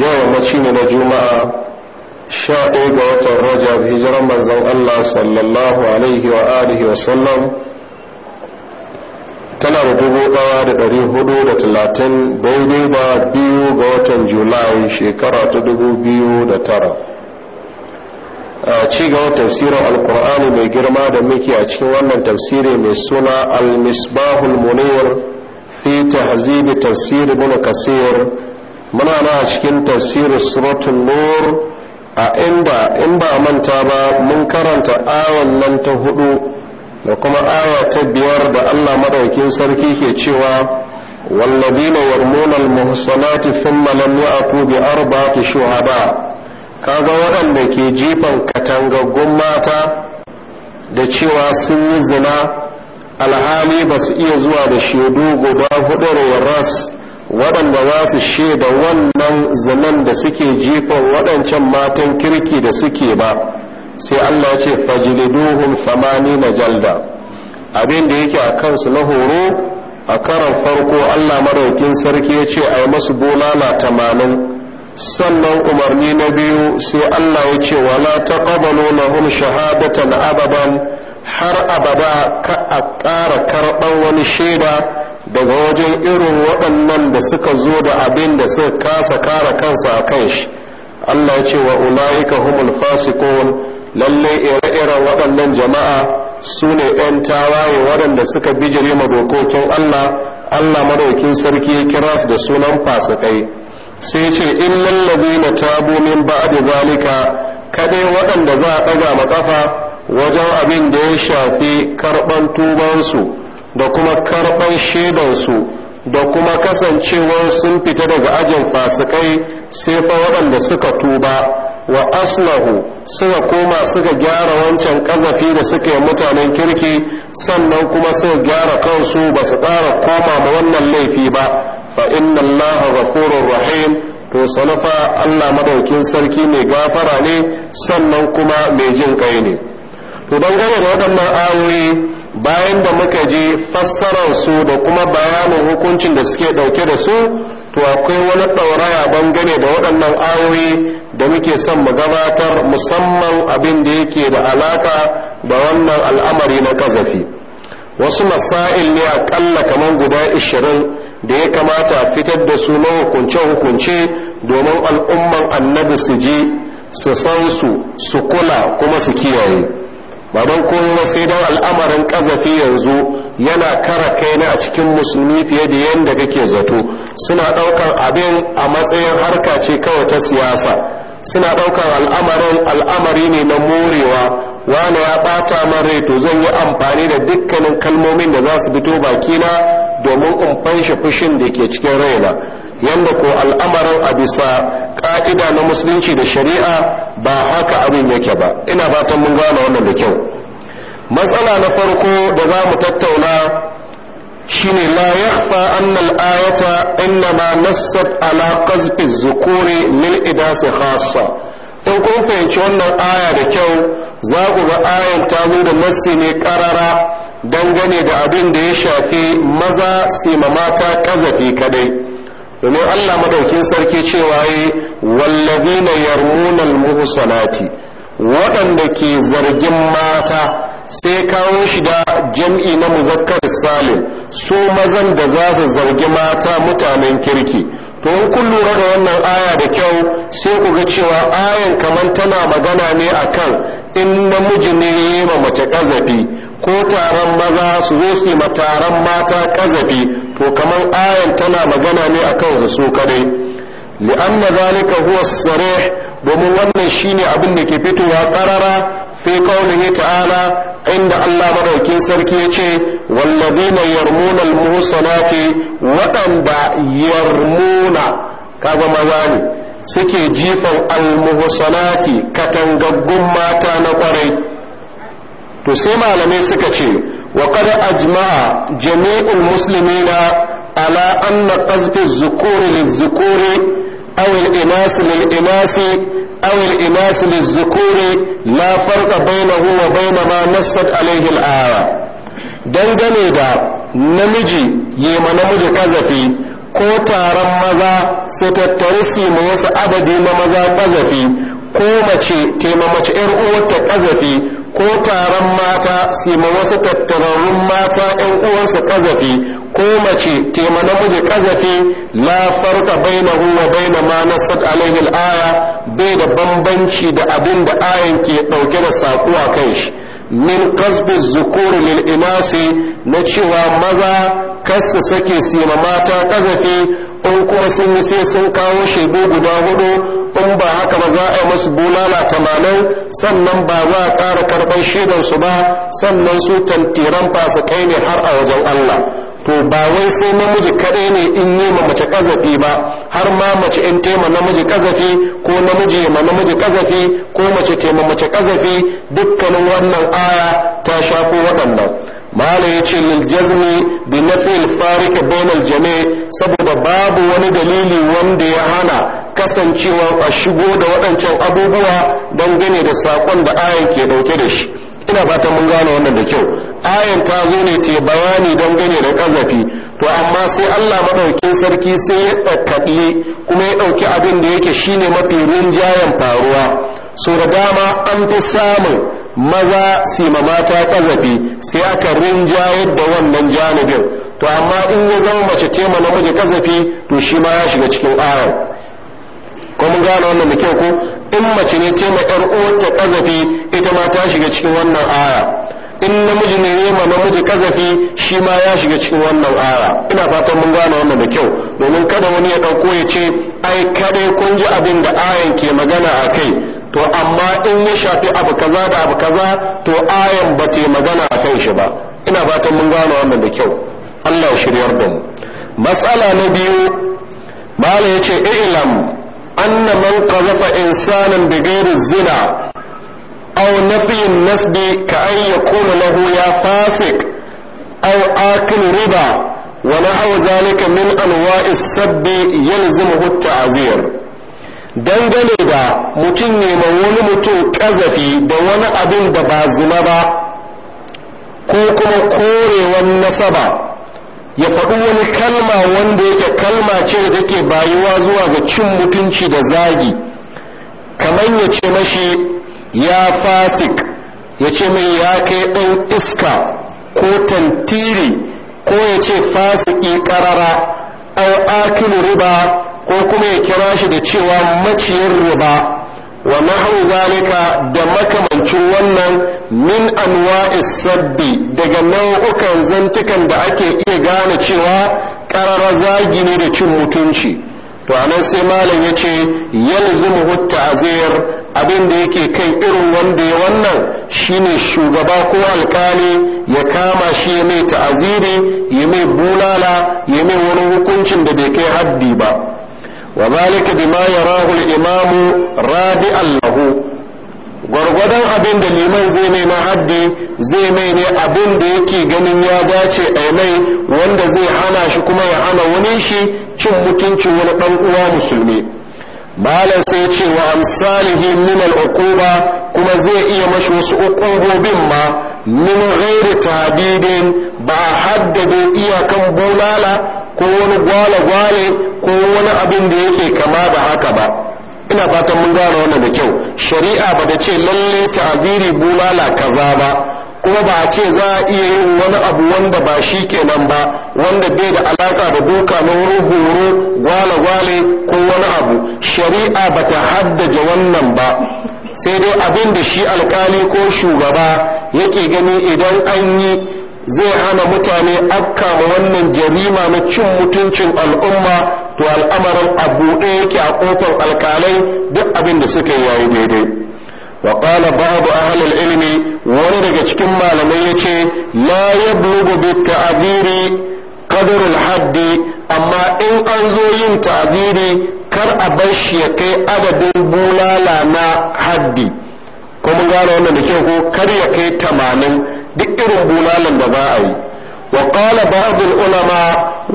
yau ne na juma'a sha ɗaya ga watan rajab hijiran manzan allah sallallahu alaihi wa alihi wa sallam tana da dubu ɗaya da ɗari hudu da talatin daidai ba biyu ga watan julai shekara ta dubu biyu da tara a ci gaba tafsirin alkur'ani mai girma da muke a cikin wannan tafsiri mai suna al-misbahul munir fi tahzibi tafsir ibn kasir muna na a cikin tafsirin suratun nur a inda in ba manta ba mun karanta awan nan ta hudu da kuma awa ta biyar da allah maɗaukin sarki ke cewa والذين يرمون المحصنات ثم لم يأتوا shuhada. ka ga waɗanda ke jefan katangaggun mata da cewa sun yi zina alhali ba su iya zuwa da shaidu guda hudu ras waɗanda za su shaida wannan zaman da suke jifan waɗancan matan kirki da suke ba sai allah ce fajiliduhun samani na jalda abin da yake a kansu na horo a karan farko allah maraukin sarki ya ce a yi masu bulala tamanin sannan umarni na biyu sai allah ya ce wala ta ƙabalo lahum shahadatan ababan har abada ka a ƙara karɓar wani shaida daga wajen irin waɗannan da suka zo da abin da suka kasa kare kansa a kan shi allah ya ce wa ula'ika humul fasikun lalle ire-iren waɗannan jama'a su ne 'yan tawaye waɗanda suka bijire ma dokokin allah allah madaukin sarki ya da sunan fasikai sai ce in lallabi na tabo min ba'ad zalika kaɗai waɗanda za a ɗaga ma ƙafa wajen abin da ya shafi karɓan tubansu da kuma karɓar shaidansu da kuma kasancewar sun fita daga ajin fasikai sai fa waɗanda suka tuba wa aslahu suka koma suka gyara wancan ƙazafi da suka yi mutanen kirki sannan kuma suka gyara kansu ba su ƙara koma ma wannan laifi ba fa inna allaha ghafurur rahim to sanafa Allah madaukin sarki mai gafara ne sannan kuma mai jin ƙai ne to dangane da waɗannan ayoyi bayan da muka je fassarar su da kuma bayanin hukuncin da suke dauke da su to akwai wani ɗauraya bangare da waɗannan ayoyi da muke son mu gabatar musamman abin da yake da alaka da wannan al'amari na kazafi wasu masail ne aƙalla kamar guda ishirin da ya kamata fitar da su na hukunce-hukunce domin al'umman annabi su ji su san su su kula kuma su kiyaye ba don koyo sai don al'amarin kazafi yanzu yana kara kaina a cikin musulmi fiye da yadda kake zato suna ɗaukar abin a matsayin harka ce kawai ta siyasa suna ɗaukar al'amarin al'amari ne na morewa wani ya ɓata man rai to zan yi amfani da dukkanin kalmomin da za su fito bakina domin in fanshe fushin da ke cikin raina yanda ko al'amarin a bisa ƙa'ida na musulunci da shari'a ba haka abin yake ba ina fatan mun gane wannan da kyau matsala na farko da za mu tattauna shine la yakhfa anna al-ayata innama nassat ala qazfi az-zukuri lil idasi khassa in kun fahimci wannan aya da kyau za ku ga ayan ta da nassi ne karara dangane da abin da ya shafi maza sima mata kazafi kadai domin Allah madaukin sarki cewa yi na yarmunan almuhsanati waɗanda ke zargin mata sai kawo shi da jam'i na muzakkar salim su mazan da za su zargi mata mutanen kirki to in kun lura da wannan aya da kyau sai ku ga cewa ayan kamar tana magana ne akan in namiji ne ya ma mace kazafi ko taron maza su zo su yi taron mata kazafi to kamar ayan tana magana ne akan su kadai li'anna zalika huwa sarih domin wannan shine abin da ke fitowa karara fi ya ta'ala inda Allah madaukin sarki ya ce walladina yarmuna almuhsanati waɗanda yarmuna kaga maza ne suke jifan almuhsanati katangaggun mata na kwarai to sai malamai suka ce wa qad ajma'a jami'ul muslimina ala anna qazfi az-zukuri liz-zukuri أو الإناث للإناث أو الإناث للذكور لا فرق بينه وبين ما نصت عليه الآية dangane da namiji yi ma namiji ƙazafi ko taron maza su tattari su ma wasu adadi na maza ƙazafi ko mace taimamace 'yar uwarta ƙazafi. ko taron mata sima wasu tattararrun mata ‘yan uwansa ƙazafi ko mace tema namiji ƙazafi la farka baina bai baina ma nasad alaihil aya bai da bambanci da abin da ayan ke ɗauke da saƙo a kan shi min kasbi zukuri lil inasi na cewa maza kasu sake sima mata ƙazafi in kuma sun yi sai sun kawo shaidu guda hudu in ba haka ba za a yi musu bulala tamanin sannan ba za a ƙara karɓar shaidansu ba sannan su tantiran fasikai ne har a wajen Allah to ba wai sai namiji kaɗai ne in yi ma mace kazafi ba har ma mace in taima namiji kazafi ko namiji ma namiji kazafi ko mace taima mace kazafi dukkanin wannan aya ta shafo waɗannan mala ya ce liljazmi bi nafi alfarika bainal jami saboda babu wani dalili wanda ya hana kasancewa a shigo da waɗancan abubuwa dangane da saƙon da ayan ke ɗauke da shi ina fatan mun gane wannan da kyau ayan ta zo ne ta bayani don gane da ƙazafi to amma sai allah maɗaukin sarki sai ya ɗaukaɗe kuma ya ɗauki abin da yake shine mafi rinjayen faruwa so da dama an fi samun maza sima mata ƙazafi sai aka rinjayar da wannan janibin to amma in ya zama mace tema namiji ƙazafi to shi ma ya shiga cikin ayar ko mun gane wannan da kyau ko in mace ne ce ma yar uwarta kazafi ita ma ta shiga cikin wannan aya in namiji ne ya ma namiji kazafi shi ma ya shiga cikin wannan aya ina fatan mun gane wannan da kyau domin kada wani ya dauko ya ce ai kadai kun ji abin da ayan ke magana a kai to amma in ya shafi abu kaza da abu kaza to ayan ba ce magana a kan shi ba ina fatan mun gano wannan da kyau Allah ya shiryar da mu matsala na biyu bala ya ce ilam anna man qazafa insanan bighairi zina aw nafi an-nasb ka an yakuna lahu ya fasik aw akil riba wa nahwa zalika min anwa'i as-sabb yalzimuhu at-ta'zir dangane ba mutum ne ma wani mutum ƙazafi da wani abin da ba zuma ba ko kuma korewan nasaba ya faɗi wani kalma wanda yake kalma ce da take bayuwa zuwa ga cin mutunci da zagi kamar ya ce mashi ya fasik ya ce mai ya kai ɗan iska ko tantiri ko ya ce fasiki ƙarara au akili riba ko kuma ya kira shi da cewa maciyar riba wa nahu zalika da makamancin wannan min anwa'is sabbi daga nau'ukan zantukan da ake iya gane cewa karara zagi ne da cin mutunci to anan sai malam ya ce yalzimu ta'zir abin da yake kai irin wanda ya wannan shine shugaba ko alkali ya kama shi ya mai ta'aziri ya mai bulala ya mai wani hukuncin da bai kai haddi ba wa zalika bima yarahu al-imam rabi'an lahu gwargwadon abin da liman zai mai na haddi zai mai ne abin da yake ganin ya dace a mai wanda zai hana shi kuma ya hana wani shi cin mutuncin wani ɗan uwa musulmi malam sai ce wa amsalihi min al kuma zai iya mashi wasu uqubobin ma min ghairi tahdidin ba haddade iyakan bulala ko wani gwale-gwale ko wani abin da yake kama da haka ba ina fatan mun gane wannan da kyau shari'a ba da ce lalle ta'abiri bulala kaza ba kuma ba a ce za a iya yin wani abu wanda ba shi kenan ba wanda bai da alaka da doka na wurin horo gwale-gwale ko wani abu shari'a ba ta haddace wannan ba sai dai abin da shi alkali ko shugaba yake gani idan an yi zai hana mutane akka ma wannan jarima na cin mutuncin al'umma to al'amarin a buɗe yake a ƙofar alkalai duk abin da suka yi yayi daidai a halar ilimi, العلم daga cikin malamai yace la yablughu bit ta'diri qadar al hadd amma in an zo yin ta'diri kar a bar shi ya kai adadin bulala na haddi ko mun wannan da kyau ko kar ya kai tamanin duk irin bulalan da za a yi wa qala ba'dul ulama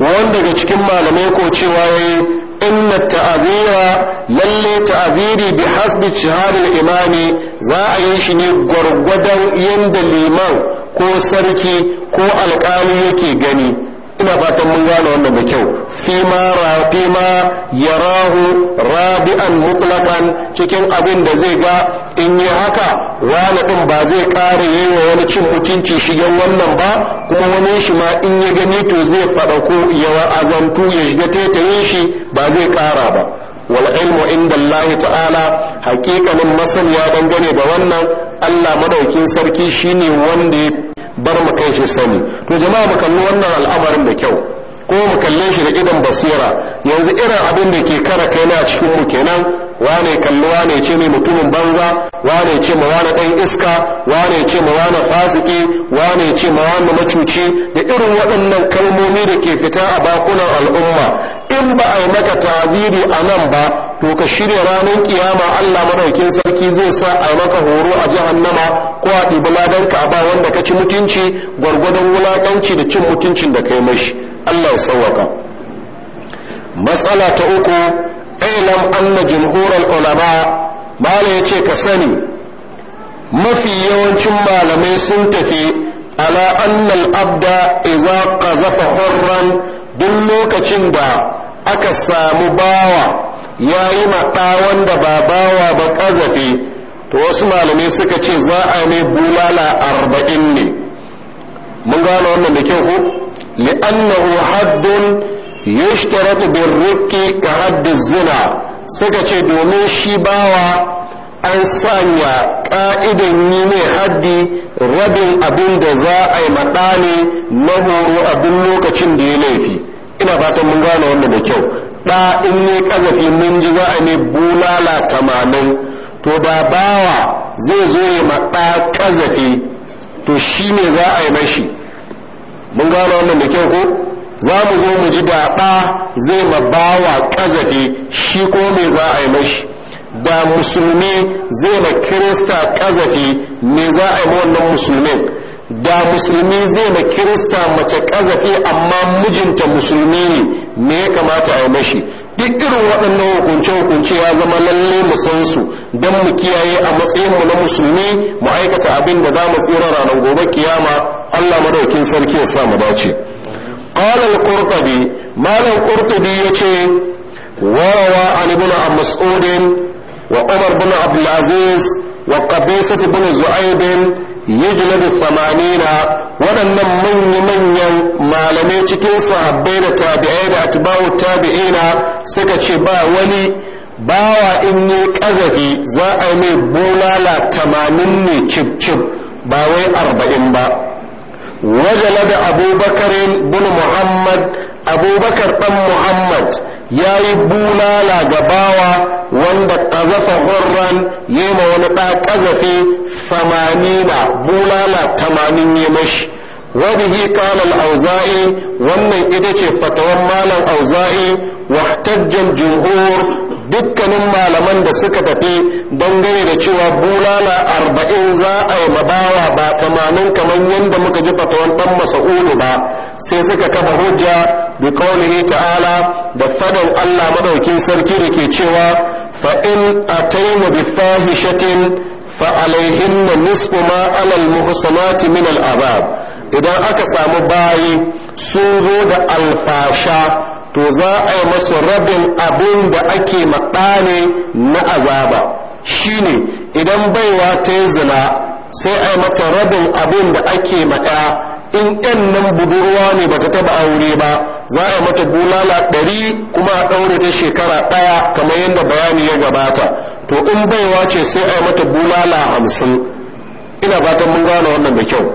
wanda daga cikin malamai ko cewa yayi inna ta'azira lalle ta'aziri bi hasbi shahadul imami za a yi shi ne gurgudan yanda liman ko sarki ko alƙali yake gani ina fatan mun gane wannan da kyau fima ya yarahu rabi'an mutlaqan cikin abin da zai ga in yi haka wani ba zai kare yi wani cin mutunci shigen wannan ba kuma wani shi ma in ya gani to zai ko yawa azantu ya shiga tetayin shi ba zai ƙara ba wal ilmu inda Allah ta'ala hakikanin masaniya dangane da wannan Allah madaukin sarki shine wanda ya bar mu kai shi sani to jama'a mu kalli wannan al'amarin da kyau ko mu kalle shi da idan basira yanzu irin abin da ke kara kai na cikin mu kenan wane kalli wane ce mai mutumin banza wane ce ma wane ɗan iska wane ce ma wane fasiki wane ce ma wane macuci da irin waɗannan kalmomi da ke fita a bakunan al'umma in ba a yi maka tabiri a nan ba to ka shirya ranar kiyama Allah madaukin sarki zai sa a maka horo a jahannama ko a ɗibi ladan ka ba wanda ka ci mutunci gwargwadon wulaƙanci da cin mutuncin da kai mashi Allah ya sauwaka matsala ta uku ilam anna jumhurul ulama mala yace ka sani mafi yawancin malamai sun tafi ala al abda idza qazafa hurran duk lokacin da aka samu bawa ya yi maɗa wanda ba bawa ba ƙazafi to wasu malamai suka ce za a ne bulala arba'in ne mun gane wannan da kyau ko li'annahu haddun da birriki ka haddin zina suka ce domin shi bawa an sanya ƙa'idan yi mai haddi rabin abin da za a yi maɗa ne na horo abin lokacin da ya laifi ina fatan mun gane wannan da kyau Ɗa in ne ƙazafi mun ji za a ne bulala tamanin to da bawa zai zo ya maɗa kazafi to shi ne za a yi mashi mun gano wannan da kyau ko za mu zo mu ji da ɗa zai ma bawa ƙazafi shi ko me za a yi mashi da musulmi zai ma kirista ƙazafi me za a yi wannan musulmin da musulmi zai ma kirista mace kazafi amma mijinta musulmi ne me ya kamata a yi mashi duk irin waɗannan hukunce-hukunce ya zama lalle mu san su don mu kiyaye a matsayin mu na musulmi mu aikata abin da za mu tsira ranar gobe kiyama allah madaukin sarki ya sa mu dace قال القرطبي ما لو قرطبي يتي وروى عن ابن مسعود وعمر بن عبد العزيز وقبيسة بن زعيب يجلد الثمانين waɗannan manya-manyan malamai cikin sahabbai da tabi'ai da atba'u tabi'ina suka ce ba wani bawa in yi ƙazafi za a yi mai bulala tamanin ne cib-cib ba wai arba'in ba wajala da abubakarin bin muhammad abubakar dan muhammad ya yi bulala ga bawa wanda ƙazafa hurran ya ma wani ɗa ƙazafe samanina bulala tamanin ya mashi وبه wannan ita ce fatawan malam مال wa واحتج الجمهور dukkanin malaman da suka tafi dangane da cewa bulala arba'in za a yi mabawa ba tamanin kamar yadda muka ji fatawan dan masa'udu ba sai suka kafa hujja bi ta'ala da fadan Allah madaukin sarki da ke cewa fa in atayna bi fahishatin fa alaihinna nisfu ma ala al muhsanati min al idan aka samu bayi sun zo da alfasha to za a yi masu rabin abin da ake maɗane na azaba shine idan baiwa ta yi zina sai a yi mata rabin abin da ake maɗa in ɗan nan budurwa ne ba ta taba aure ba za a mata bulala ɗari kuma a ɗaure ta shekara ɗaya kamar yadda bayani ya gabata to in baiwa ce sai a mata bulala hamsin ina fatan mun gane wannan da kyau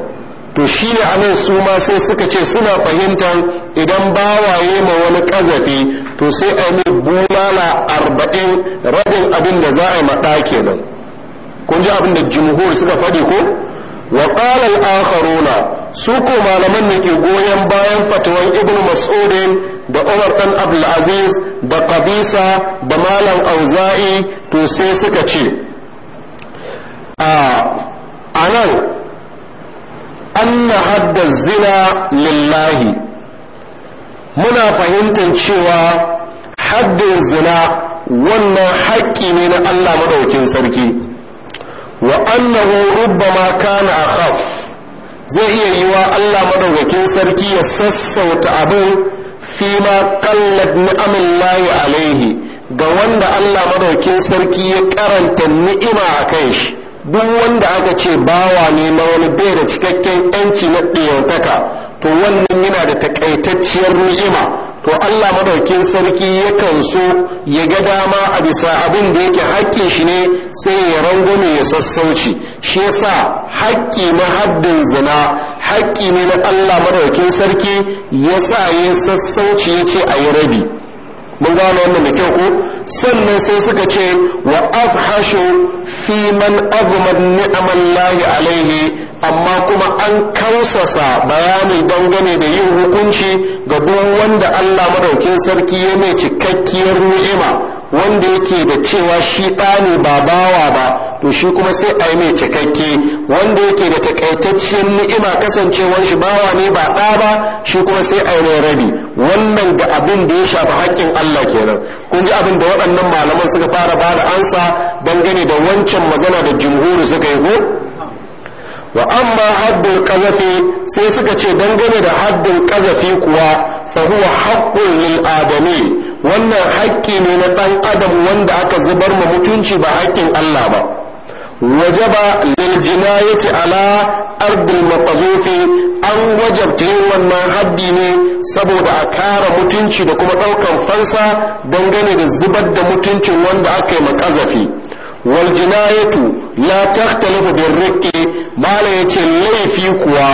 to shi ne a nan su ma sai suka ce suna fahimtar idan bawaye ma wani ƙazafi to sai a yi bulala arba'in rabin abin da za a yi maɗa kenan kun ji abin da jimhur suka faɗi ko wa ƙalal akharuna su ko malaman ne ke goyon bayan fatawan ibn mas'udin da umar dan abdulaziz da qabisa da malam auza'i to sai suka ce a nan anna hadda zina lillahi muna fahimtar cewa haddin zina wannan haƙƙi ne na allah madaukin sarki wa annahu rubbama kana akhaf zai iya yiwa Allah madaukakin sarki ya sassauta abin fi ma kallat lahi alaihi ga wanda Allah madaukakin sarki ya karanta ni'ima a kai shi duk wanda aka ce bawa ne na wani bai da cikakken yanci na ɗiyantaka to wannan yana da takaitacciyar ni'ima to Allah madaukin sarki yakan so ya ga dama a bisa abin da yake haƙƙin shi ne sai ya rangume ya sassauci shi yasa haƙƙi na haddin zina haƙƙi ne na Allah madaukin sarki ya sa ya sassauci yace ce a yi rabi mun gano wannan da kyau ko sannan sai suka ce wa abhashu fi man azmat lahi alaihi amma kuma an kausasa bayani dangane da yin hukunci ga duk wanda Allah madaukin sarki ya mai cikakkiyar ni'ima wanda yake da cewa shi ɗa babawa ba bawa ba to shi kuma sai a yi mai cikakke wanda yake da takaitacciyar ni'ima kasancewar shi bawa ne ba ɗa ba shi kuma sai a yi rabi wannan ga abin da ya shafi haƙƙin Allah kenan kun ji abin da waɗannan malaman suka fara ba da ansa dangane da wancan magana da jumhuri suka yi ko wa amma haddul qazafi sai suka ce dangane da haddul qazafi kuwa fa huwa haqqun lil adami wannan haƙƙi ne na ɗan adam wanda aka zubar ma mutunci ba haƙƙin Allah ba wajaba lil jinayati ala ardul maqzufi an wajabta yin wannan haddi ne saboda a kara mutunci da kuma ɗaukan fansa dangane da zubar da mutuncin wanda aka yi makazafi wal jinayatu la tahtalifu bir riqi mala yace laifi kuwa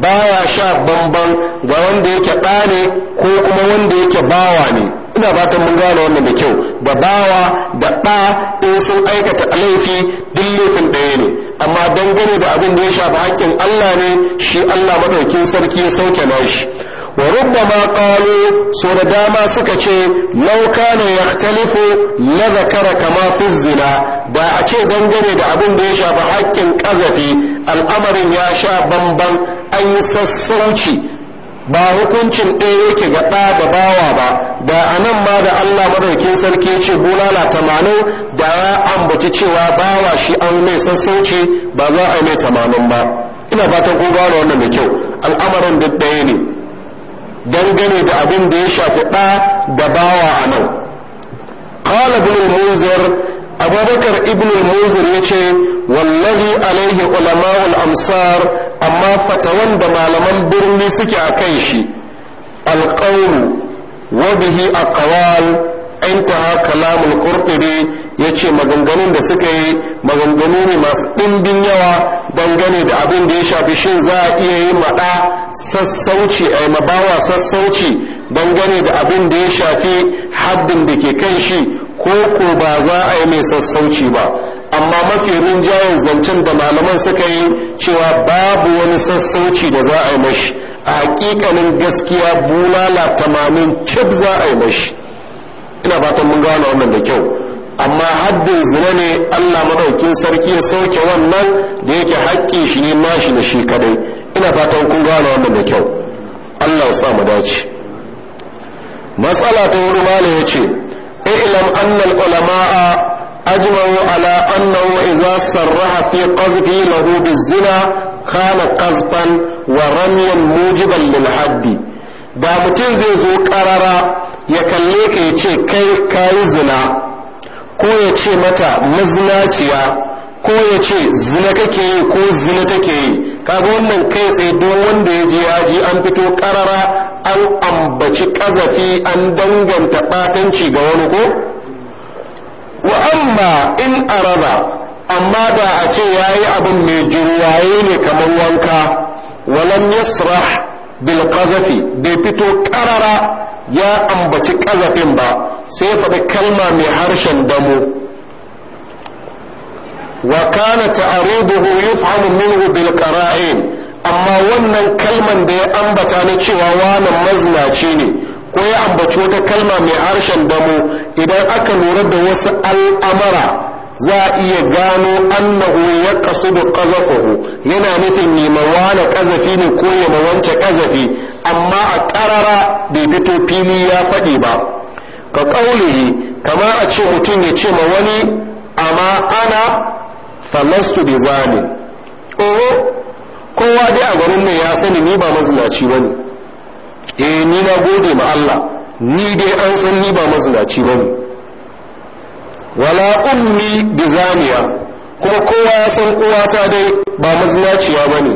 baya sha bamban ga wanda yake ɗa ne ko kuma wanda yake bawa ne ina bata mun gane wannan da kyau da bawa da ɗa ɗin sun aikata laifi duk laifin ɗaya ne amma dangane da abin da ya shafi haƙƙin Allah ne shi Allah maɗaukin sarki ya sauke na shi. wa rubbama qalu so da dama suka ce law kana yahtalifu la zakara kama fi zina da a ce dangane da abin da ya shafi haƙƙin ƙazafi al'amarin ya sha bamban an yi sassauci ba hukuncin ɗaya yake ga ɗa da bawa ba da a nan ma da allah madaukin sarki ce bulala tamanin da ya ambaci cewa bawa shi an mai sassauci ba za a mai tamanin ba ina ta ko gano wannan da kyau al'amarin duk ɗaya ne dangane da abin da ya shafi ɗa da bawa a nan قال ابن المنذر abubakar ibn al ya ce wallahi alaihi ulama'ul amsar amma fatawan da malaman birni suke a kan shi alƙaunu wa bihi aqwal intaha kalamul qurtubi yace maganganun da suka yi maganganu ne masu ɗimbin yawa dangane da abin da ya shafi shin za a iya yi maɗa sassauci a mabawa sassauci dangane da abin da ya shafi haddin da ke kan shi ko ko ba za a yi mai sassauci ba amma mafi rinjayen zancen da malaman suka yi cewa babu wani sassauci da za a yi mashi a hakikalin gaskiya bulala tamanin cib za a yi mashi ina fatan mun gano wannan da kyau amma haddin zina ne allah maɗaukin sarki ya sauke wannan da yake haƙƙi shi ne mashi da shi kadai ina fatan kun gano wannan da kyau allah ya sa mu dace matsala ta wuri mala ya ce اعلم أن العلماء أجمعوا على أنه إذا صرح في قذفه له بالزنا كان قذفا ورميا موجبا للحد da mutum zai zo ƙarara ya kalle ka ya ce kai kayi zina ko ya ce mata mazinaciya ko ya ce zina kake yi ko zina take yi kaga wannan kai tsaye don wanda ya je ya ji an fito ƙarara an ambaci ƙazafi an danganta ɓatanci ga wani ko wa in araba amma da a ce ya yi abin mai jirwaye ne kamar wanka Walan yasrah bil qazafi bai fito ƙarara ya ambaci ƙazafin ba sai faɗi kalma mai harshen damo wa kana ta'ariduhu yufhamu minhu bil qara'in amma wannan kalman da ya ambata na cewa wani maznaci ne ko ya ambaci wata kalma mai harshen damo idan aka lura da wasu al'amara za a iya gano annahu ya kasu da ƙazafahu yana nufin nema wane ƙazafi ne ko ya wance ƙazafi amma a ƙarara bai fito fili ya faɗi ba ka ƙaulihi kama a ce mutum ya ce ma wani amma ana falastu bi zalim kowa dai a garin nan ya sani ni ba mazinaci ba ne eh ni na gode ma Allah ni dai an san ni ba mazinaci ba wala ummi bi zaniya kuma kowa ya san uwata dai ba mazinaciya ba ne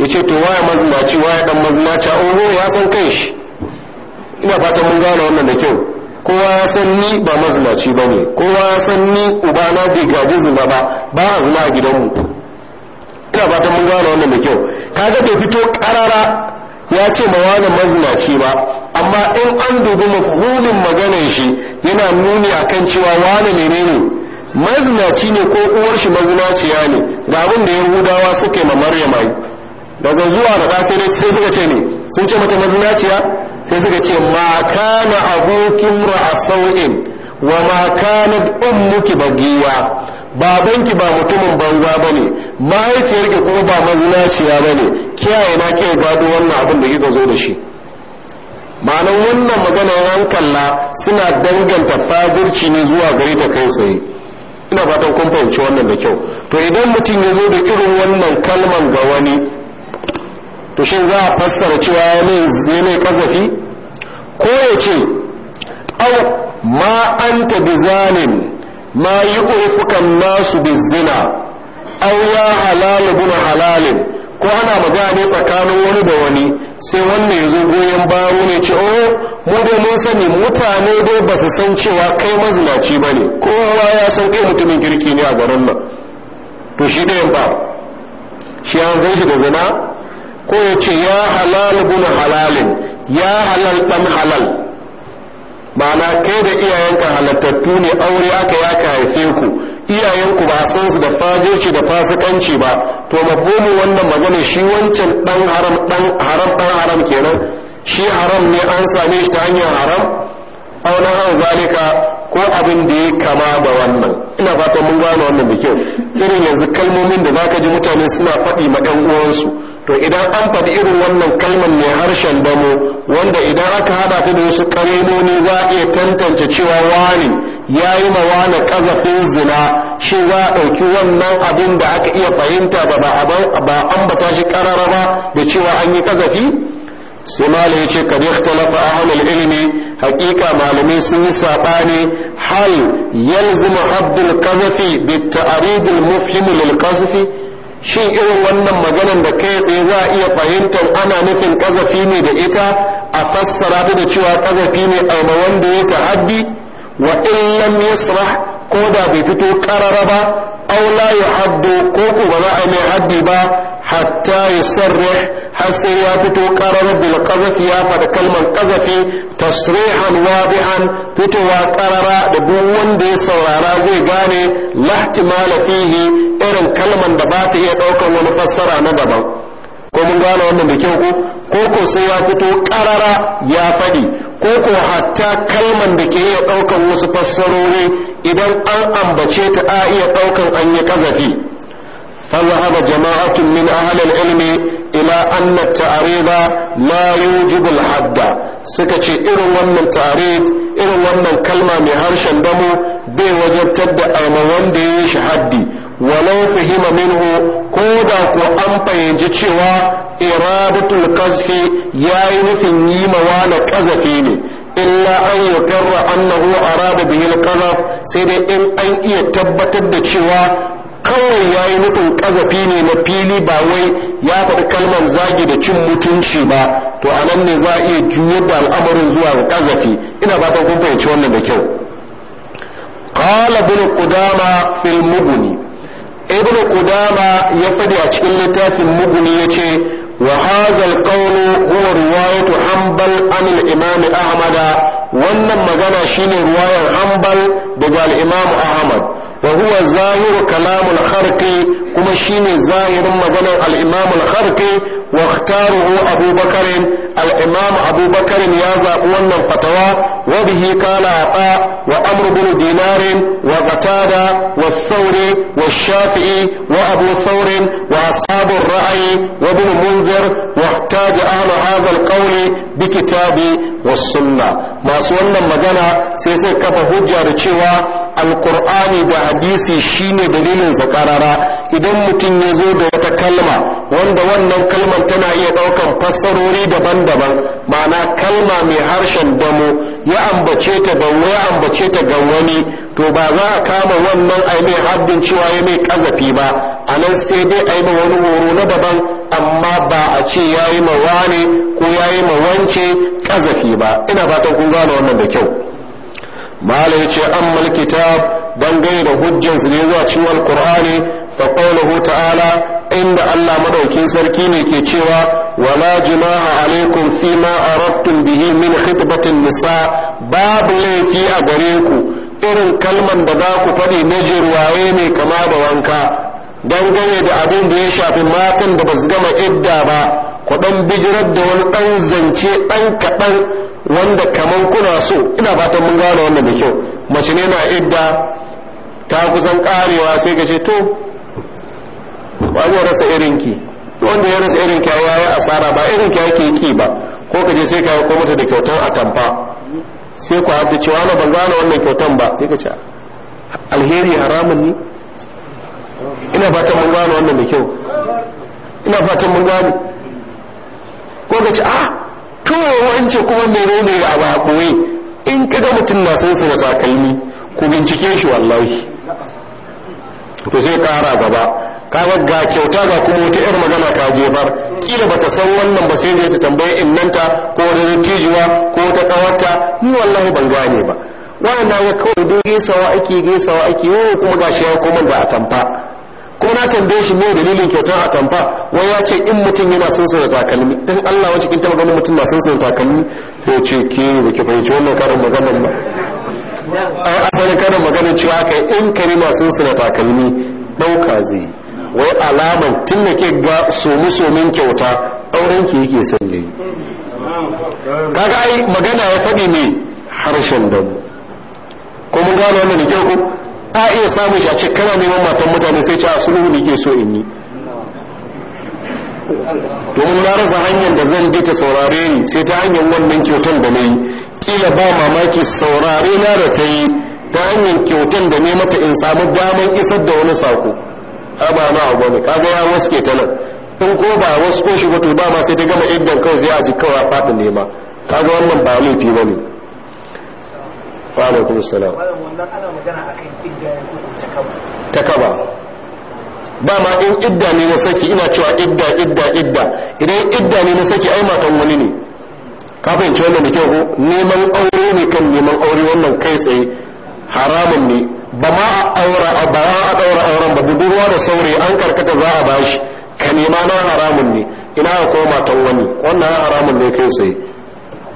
ya to waye mazinaci waye dan mazinaci oho ya san kai shi ina fata mun gane wannan da kyau kowa ya san ni ba mazinaci ba ne kowa ya san ni ubana bai gaji ba ba a zina a gidanmu Yana fatan mun gane wannan da kyau kaga bai fito karara ya ce ma wani mazinaci ba amma in an dubi mafhumin maganar shi yana nuni akan cewa wani menene mazinaci ne ko uwar shi mazinaciya ne ga abin da yahudawa suka yi ma maryama daga zuwa da ka sai sai suka ce ne sun ce mata mazinaciya sai suka ce ma kana abokin ra'a sau'in wa ma kana ummuki bagiya babanki ba mutumin banza ba ne mahaifiyarki kuma ba mazinaciya ba ne kiyaye na kiyaye gado wannan abin da kika zo da shi ma'anan wannan maganar kalla suna danganta fajirci ne zuwa gari ta kai tsaye ina fatan kun fahimci wannan da kyau to idan mutum ya zo da irin wannan kalman ga wani to shin za a fassara cewa ya mai kazafi ko ya ce au ma anta bizanin ma yi الناس nasu bizina يا ya halal حلال ko ana magana ne tsakanin wani da wani sai wannan ya zo goyon baro ne ce oh mu da mun sani mutane dai ba su san cewa kai mazinaci ba ne kowa ya san kai mutumin kirki ne a garin nan to shi ɗayan ba shi an zai da zina ko ya ce ya halal bin halalin ya halal ɗan halal ma'ana kai da iyayenka halattattu ne aure aka yaka haife ku iyayenku ba san su da fajirci da fasikanci ba to mafhumin wannan magana shi wancan dan haram dan haram dan haram kenan shi haram ne an same shi ta hanyar haram aw na an zalika ko abin da ya kama da wannan ina fatan mun gane wannan da kyau irin yanzu kalmomin da zaka ji mutane suna faɗi ma ɗan uwansu to idan an faɗi irin wannan kalmar mai harshen damo wanda idan aka haɗa ta da wasu ƙarinoni za a iya tantance cewa wani ya yi ma wani ƙazafin zina shi za a ɗauki wannan abin da aka iya fahimta ba ba ambata shi ƙarara ba da cewa an yi ƙazafi sai malam ya ce kad ikhtalafa ahlul ilmi haƙiƙa malamai sun yi saɓani hal yalzimu haddul kazafi bit ta'rid al mufhim lil qazafi shin irin wannan maganan da kai tsaye za a iya fahimtar ana nufin kazafi ne da ita a fassara ta da cewa kazafi ne a wanda ya ta'addi wa in lam yasrah ko da bai fito karara ba aw la yuhaddu ko ko ba za a mai haddi ba hatta sarri har sai ya fito ƙarar bil ya faɗi kalman qazfi tasrihan wadihan fitowa qarara da duk wanda ya saurara zai gane lahtimala fihi irin kalman da ba ta iya daukar wani fassara na daban ko mun gane wannan da kyau ko ko sai ya fito ƙarara ya faɗi ko ko hatta kalman da ke iya ɗaukar wasu fassarori idan an ambace ta a iya ɗaukan an yi kazafi فذهب جماعة من أهل العلم إلى أن التعريض لا يوجب الحد سكتش إرو ومن تعريض إرو ومن كلمة مهرشا دمو بي وجبتد أما وندي حدي ولو فهم منه كودا كو أمبا يجتشوا إرادة القذف يا نفن يما وانا كذفيني illa an yukarra annahu arada bihi al sai dai in an iya tabbatar da cewa kawai ya yi nufin ƙazafi ne na fili ba wai ya faɗi kalmar zagi da cin mutunci ba to a nan ne za a iya juyar da al'amarin zuwa ga ƙazafi ina fatan kun fahimci wannan da kyau qala bin qudama fil mughni ibn qudama ya faɗi a cikin littafin muguni yace wa hadha al qawlu huwa riwayatu hanbal an al imam wannan magana shine ruwayar hanbal daga al imam ahmad wa huwa zahiru kalamul harqi kuma shine zahirin maganar al-imam al-harqi wa ikhtaruhu abu bakr al-imam abu ya zaɓi wannan fatawa wa bihi qala aba wa amr bin dinar wa qatada wa thawri wa shafi'i wa abu thawr wa ashab ar-ra'i wa ibn munzir wa ihtaja ahlu hadha al-qawl bi kitabi was masu wannan magana sai sai kafa hujja da cewa alkur'ani da hadisi shine dalilin sa idan mutum ya zo da wata kalma wanda wannan kalmar tana iya ɗaukan fassarori daban-daban ma'ana kalma mai harshen damo ya ambace ta da ya ambace ta ga wani to ba za a kama wannan ai mai haddin cewa ya mai kazafi ba a nan sai dai ai ma wani horo na daban amma ba a ce ya yi ma wane ko ya yi ma wance kazafi ba ina fatan kun gane wannan da kyau malai ce ammal kitab dangane da hujjan su ne zuwa cikin alqur'ani fa qawluhu ta'ala inda Allah madaukin sarki ne ke cewa wala jima'a alaikum fi ma aradtum bihi min khitbatin nisa babu laifi a gare ku irin kalman da za ku faɗi na jirwaye ne kama da wanka dangane da abin da ya shafi matan da ba su gama idda ba ku ɗan bijirar da wani ɗan zance ɗan kaɗan wanda kaman kuna so ina fatan mun gane wannan da kyau mace ne na idda ta kusan karewa sai ka ce to wani rasa irinki wanda ya rasa irinki ya yi asara ba irinki yake ki ba ko ka je sai ka ko mata da kyautar atamfa sai ku haɗu cewa na ban gane wannan kyautar ba sai ka ce alheri haramun ne ina fatan mun gane wannan da kyau ina fatan mun gane ko ka ce ah kawai wance kuma menene a bakuwe in ka ga mutum na san su da takalmi ku bincike shi wallahi to sai kara gaba kaga ga kyauta ga kuma wata yar magana ka jefar kila bata san wannan ba sai zai ta tambaye innanta ko wata dattijuwa ko ta kawarta ni wallahi ban gane ba wannan ya kawai dogesawa gaisawa ake gaisawa ake yau kuma gashi ya koma da atamfa ko na tambaye shi ne dalilin kyautar atamfa wai ya ce in mutum yana son sa takalmi dan Allah wace kin taba ganin mutum na son sa takalmi ko ce ke ba ki fahimci wannan karin maganar ba ai asali karin maganar cewa kai in kare na son sa takalmi dauka zai wai alaman tun da ke ga somi somin kyauta auren ki yake son yi? kaga ai magana ya faɗi ne harshen da? ko mun gano wannan kyau a iya samun shi a ce kana neman matan mutane sai ce a sulhu ne ke so in yi domin na rasa hanyar da zan bi ta saurare ni sai ta hanyar wannan kyautan da na yi kila ba mamaki saurare na da ta yi ta hanyar kyautan da ne mata in samu damar isar da wani sako a ba na abuwa ne kaga ya waske ta nan in ko ba wasu ko shi ba ma sai ta gama idan kawai sai a ji kawai faɗi nema kaga wannan ba laifi ba ne wa kuma salam takaba ba ma in idda ne na saki ina cewa idda idda idda idan idda ne na saki ai matan wani ne ka fahimci wannan da kyau ko neman aure ne kan neman aure wannan kai tsaye haramun ne ba ma a aura a ba a daura auren ba budurwa da saurayi an karkata za a bashi ka nema na haramun ne ina ga ko matan wani wannan haramun ne kai tsaye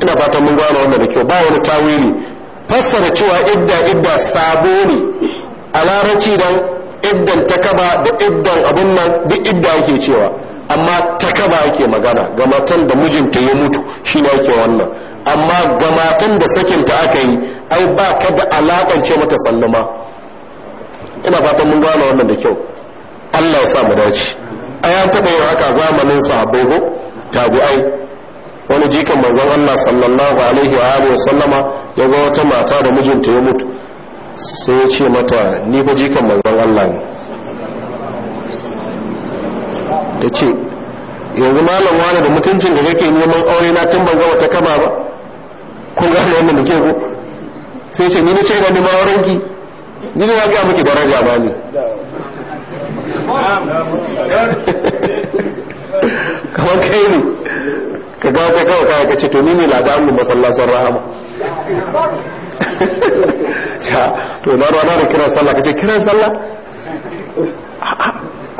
ina fatan mun gano wannan da kyau ba wani tawili fassara cewa idda idda sabo ne a larabci don iddan takaba da iddan abun nan duk idda yake cewa amma takaba ake magana ga matan da mijinta ya mutu shi ne ake wannan amma ga matan da sakinta aka yi ai ba ka da ce mata sallama ina fatan mun gane wannan da kyau Allah ya sa mu dace ai taɓa yin haka zamanin sahabbai ko tabi'ai wani jikan manzon Allah sallallahu alaihi wa alihi sallama ya ga wata mata da mijinta ya mutu sai ya ce mata ni fa jikan manzon Allah ne da ce yanzu malam wani da mutuncin da kake neman aure na tun ban gama ta kama ba ko gane wannan muke ku ko sai ce ni na ce da ni ma ki ni ne na ga miki daraja ba ne kamar kai ne ka ga ka kawai kaya ka ce to ni ne labarin masallacin rahama to na rana da kiran sallah ka ce kiran sallah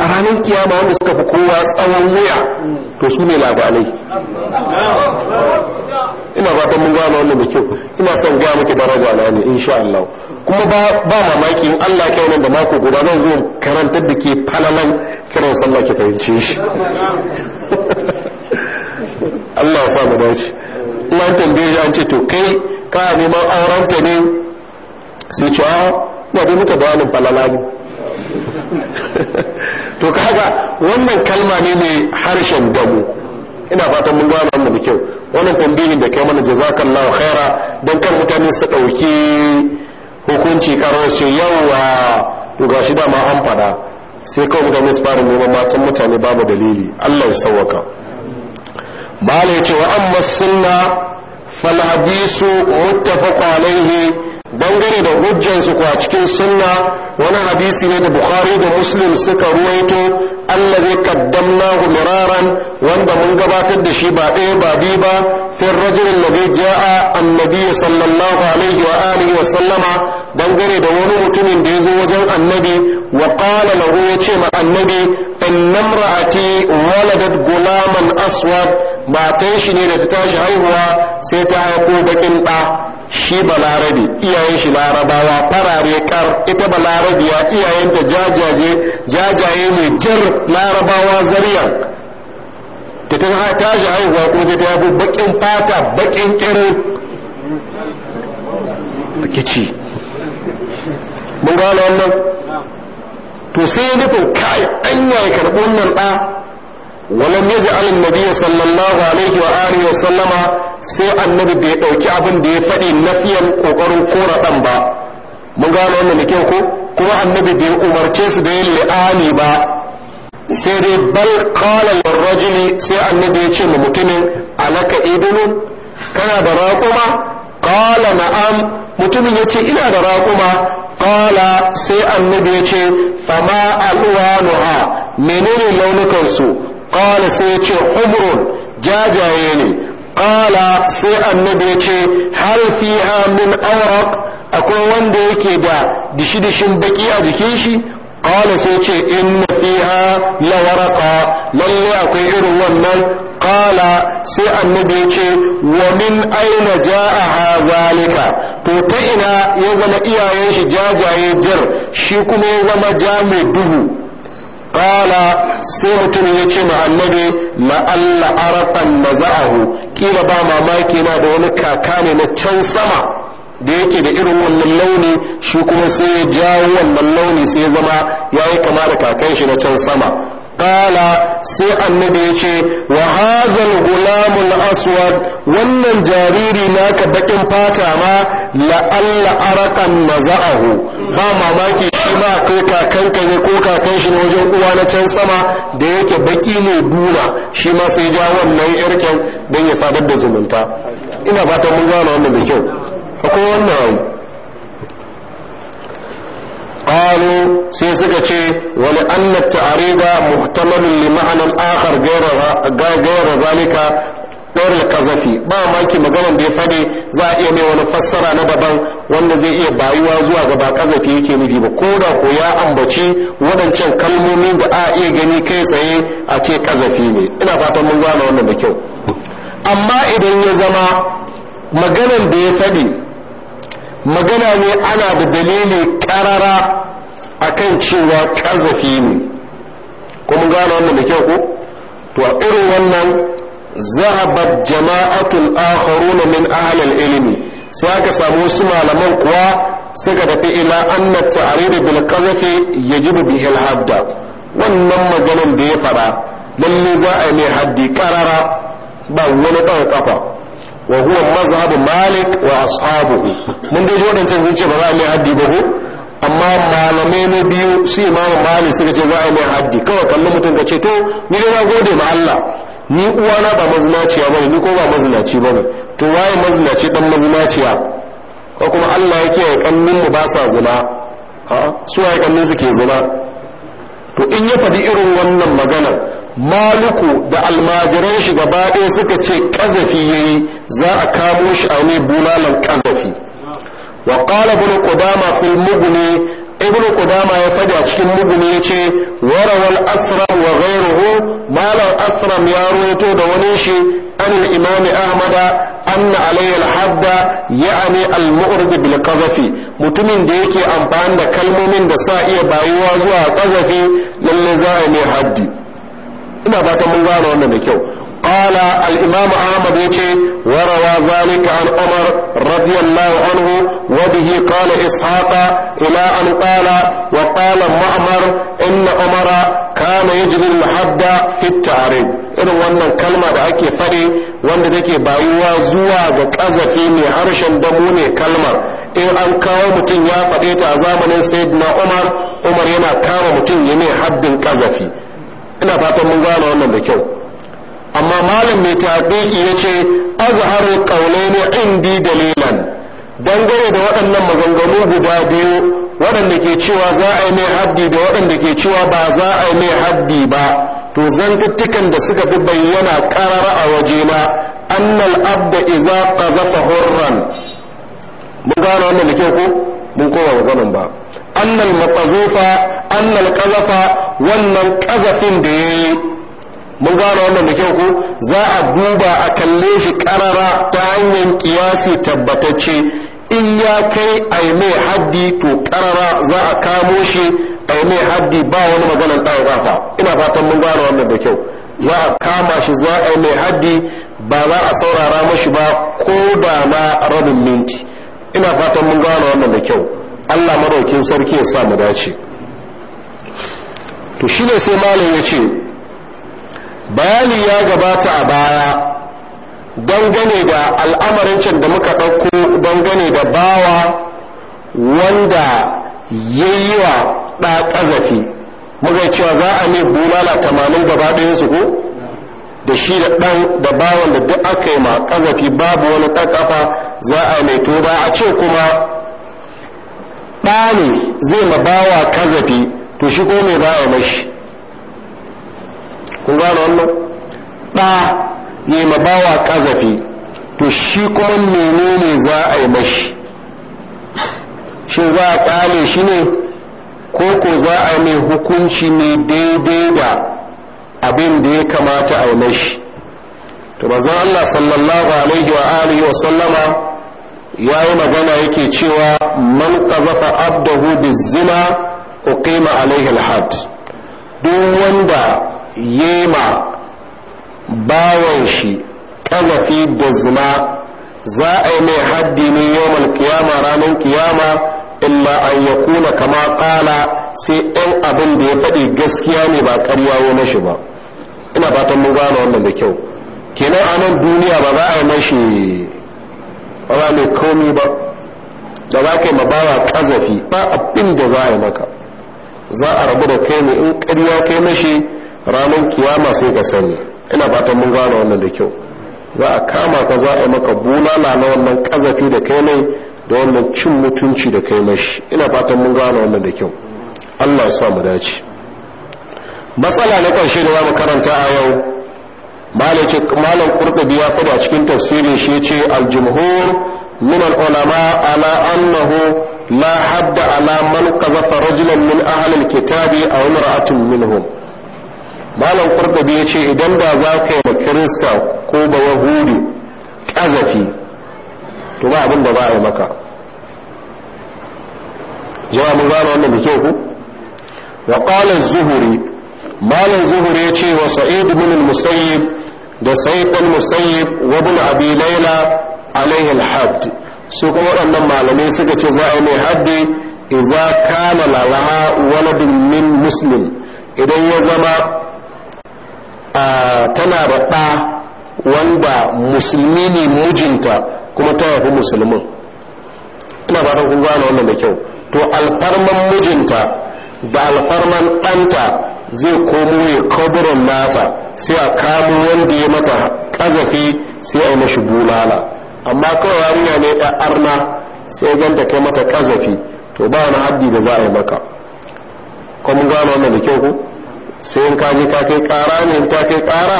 a ranar kiyama wanda suka fi kowa tsawon wuya to su ne labarai ina ba ta mun gano wannan da kyau ina son gaya maki daraja na ne insha Allah kuma ba mamaki in Allah kai nan da mako guda zan zo karantar da ke falalan kiran sallah ki fahimce shi Allah ya sa mu dace ina tambaye an ce to kai ka neman aurenta ne sai ce a ba dai muka bayanin falala ne to kaga wannan kalma ne mai harshen dabo ina fatan mun gano wannan da kyau wannan tambayin da kai mana jazakallahu khaira dan kan mutane su dauki hukunci karo su yawa to gashi da ma an fada sai kawai mutane su fara neman matan mutane babu dalili Allah ya sauwaka bala ya ce wa amma sunna fal hadisu alaihi dangane da hujjansu ko cikin sunna wani hadisi ne da bukhari da muslim suka ruwaito allazi qaddamnahu miraran wanda mun gabatar da shi ba ɗaya ba biyu ba fi da zai jaa annabi sallallahu alaihi wa alihi wa sallama dangane da wani mutumin da ya zo wajen annabi wa qala lahu ce ma annabi innamra'ati waladat gulaman aswad matan shi ne da ta tashi haihuwa sai ta haifo bakin ɗa shi balarabe iyayen shi larabawa farare kar ita balarabiya iyayenta jajaje jajaye mai jar larabawa zarya da ta tashi haihuwa kuma sai ta haiku bakin fata bakin irin rikici mun gane wannan to sai nufin kai an ya karɓi wannan ɗa walam yajal annabiya sallallahu alayhi wa alihi wa sallama sai annabi bai ɗauki abin da ya faɗi nafiyan ƙoƙarin kora ɗan ba mun gane wannan da kyau ko kuma annabi bai umarce su da yin li'ani ba sai dai bal qala lil rajuli sai annabi ya ce ma mutumin alaka idunun kana da raquma qala na'am mutumin ya ce ina da raquma qala sai annabi ya ce fama alwanuha menene launukan su qala sai ce humrun jajaye ne qala sai annabi ya ce hal fiha min awraq akwai wanda yake da dishi-dishin baki a jikin shi qala sai ce inna fiha la waraqa lalle akwai irin wannan qala sai annabi ya ce wa min aina jaa zalika to ta ina ya zama iyayen shi jajaye jar shi kuma ya zama ja duhu kala sai mutum ya ce ma annabi la'alla arafan naza'ahu kila ba mamaki na da wani kaka ne na can sama da yake da irin wannan launi shi kuma sai ya jawo wannan launi sai ya zama ya yi kama da kakan shi na can sama kala sai annabi ya ce wa hazal gulamul aswad wannan jariri naka bakin fata ma la'alla arakan maza'ahu ba mamaki shi ma kai kakanka ne ko kakan shi wajen uwa na can sama da yake baki ne duna shi ma sai ja wannan yarken don ya sadar da zumunta ina fatan mun gane wannan da kyau akwai wannan قالوا سيسكة شيء ولأن التعريض محتمل لمعنى آخر غير غير ذلك ɗaure kazafi ba maki maganan da ya faɗi za a iya mai wani fassara na daban wanda zai iya bayuwa zuwa ga ba kazafi yake nufi ba ko da ko ya ambaci waɗancan kalmomin da a iya gani kai tsaye a ce kazafi ne ina fatan mun gane wannan da kyau amma idan ya zama maganan da ya faɗi magana ne ana da dalili karara a kan cewa ƙazafi ne kuma gano wannan da kyau ko to a irin wannan zahabar jama'atul akharuna min ahlil ilimi sai aka samu wasu malaman kuwa suka tafi ila anna ta'rid bil ya ji bihi al hadda wannan maganan da ya fara lalle za a yi mai haddi karara ba wani ɗan ƙafa. wa huwa mazhabu malik wa ashabuhu mun dai wadancan sun ce ba za a mai haddi ba ko amma malamai na biyu su imamu malik suka ce za a mai haddi kawai kallon mutum ka ce to ni dai na gode ma Allah ni uwana ba mazinaciya ne ni ko ba mazinaci ne to waye mazinaci dan mazinaciya ko kuma Allah yake kallon mu ba sa zina ha su waye kallon su ke zina to in ya faɗi irin wannan magana maluku da almajiran shi gaba ɗaya suka ce ƙazafi yayi za a kamo shi a wani bulalan ƙazafi wa qala ibn qudama fil mugune ibn ya fadi a cikin mughni yace warawal asram wa ghayruhu malam asram ya ruwaito da wani shi an al-imam ahmada anna alayhi al-hadda ya'ni al-mu'rid bil qazafi mutumin da yake amfani da kalmomin da sa iya bayuwa zuwa qazafi lalle za a mai haddi ina fatan mun gane wannan da kyau قال الإمام أحمد يتي وروى ذلك عن عمر رضي الله عنه وبه قال إسحاق إلى أن قال وقال معمر إن عمر كان يجري الحد في التعريب irin wannan kalma da ake faɗi wanda take bayuwa zuwa ga ƙazafi mai harshen damu ne kalmar in an kawo mutum ya faɗe ta a zamanin na umar umar yana kama mutum ya mai ƙazafi ina fatan mun gane wannan da kyau amma malam mai tabi'i ya ce azharu qawlaini indi dalilan dangane da waɗannan maganganu guda biyu waɗanda ke cewa za a yi mai haddi da waɗanda ke cewa ba za a yi mai haddi ba to zantuttukan da suka fi bayyana karara a waje na annal abda iza qazafa hurran mun gane wannan da kyau ko mun koma maganan ba annal matazufa annal qazafa wannan qazafin da yayi mun gano wannan da kyau ko za a duba a kalle shi karara ta hanyar kiyasi tabbatacce in ya kai ai mai haddi to karara za a kamo shi aime haddi ba wani maganan ɗaya rafa ina fatan mun gano wannan da kyau za a kama shi za a yi mai haddi ba za a saurara mashi ba ko da na rabin minti ina fatan mun gano wannan da kyau allah maraukin sarki ya sa mu dace to shi ne sai malam ya ce bayani ya gabata a baya dangane da al'amarin da muka ɗauko dangane da bawa wanda ya yi wa ɗa ƙazafi muka cewa za a ne bulala tamanin gaba ɗayansu ko da shi da ɗan da bawan da duk aka yi ma ƙazafi babu wani ƙaƙafa za a mai tuba a ce kuma ɗa ne zai ma bawa ƙazafi to shi ko mai bawa a mashi kun gano wannan ɗa ya ma bawa ƙazafi to shi kuma menene za a yi mashi shin za a ƙale shi ne ko ko za a mai hukunci ne daidai da abin da ya kamata a yi mashi to manzon Allah sallallahu alaihi wa alihi wa sallama yayi magana yake cewa man qazafa abdahu bizina uqima alaihi alhad duk wanda yema bawan shi kazafi da zina za a yi mai haddi ne yawon kiyama ranar kiyama illa an ya kuna kama kala sai ɗan abin da ya faɗi gaskiya ne ba ƙarya ya mashi ba ina fatan mun gane wannan da kyau kenan a nan duniya ba za a yi mashi ba za mai komi ba da za ka yi mabawa kazafi ba abin da za a yi maka za a rabu da kai ne in ƙarya kai mashi ranar kiyama sai ka sani ina fatan mun gane wannan da kyau za a kama ka za a yi maka bulala na wannan kazafi da kai mai da wannan cin mutunci da kai mashi ina fatan mun gane wannan da kyau allah ya sa mu dace matsala na ƙarshe da zamu karanta a yau malam kurɗabi ya fada cikin tafsirin shi ce al min al-ulama ala annahu la hadda ala man qazafa min ahli kitabi kitabi wani ra'atun minhum malam kurɗabi ya ce idan da za ka yi kirista ko ba yahudi ƙazafi to ba abin da ba a yi maka jama'a mun gano wannan da kyau ku وقال الزهري malam zuhur ya ce wa sa'id ibn al-musayyib da sa'id ibn musayyib wa ibn abi layla alaihi al-hadd su kuma waɗannan malamai suka ce za a yi mai haddi idza kana lalaha waladun min muslim idan ya zama tana da ɗa wanda musulmi ne mijinta kuma ta haifi musulmin ina fatan kun gane wannan da kyau to alfarman mijinta da alfarman ɗanta zai komo ya kaburin nasa sai a kamo wanda ya mata kazafi sai a yi mashi bulala amma kawai yarinya ne ɗan arna sai ganta kai mata kazafi to ba wani haddi da za a yi maka kuma gano wannan da kyau ku sai in kaji ka kai ƙara ne ta kai ƙara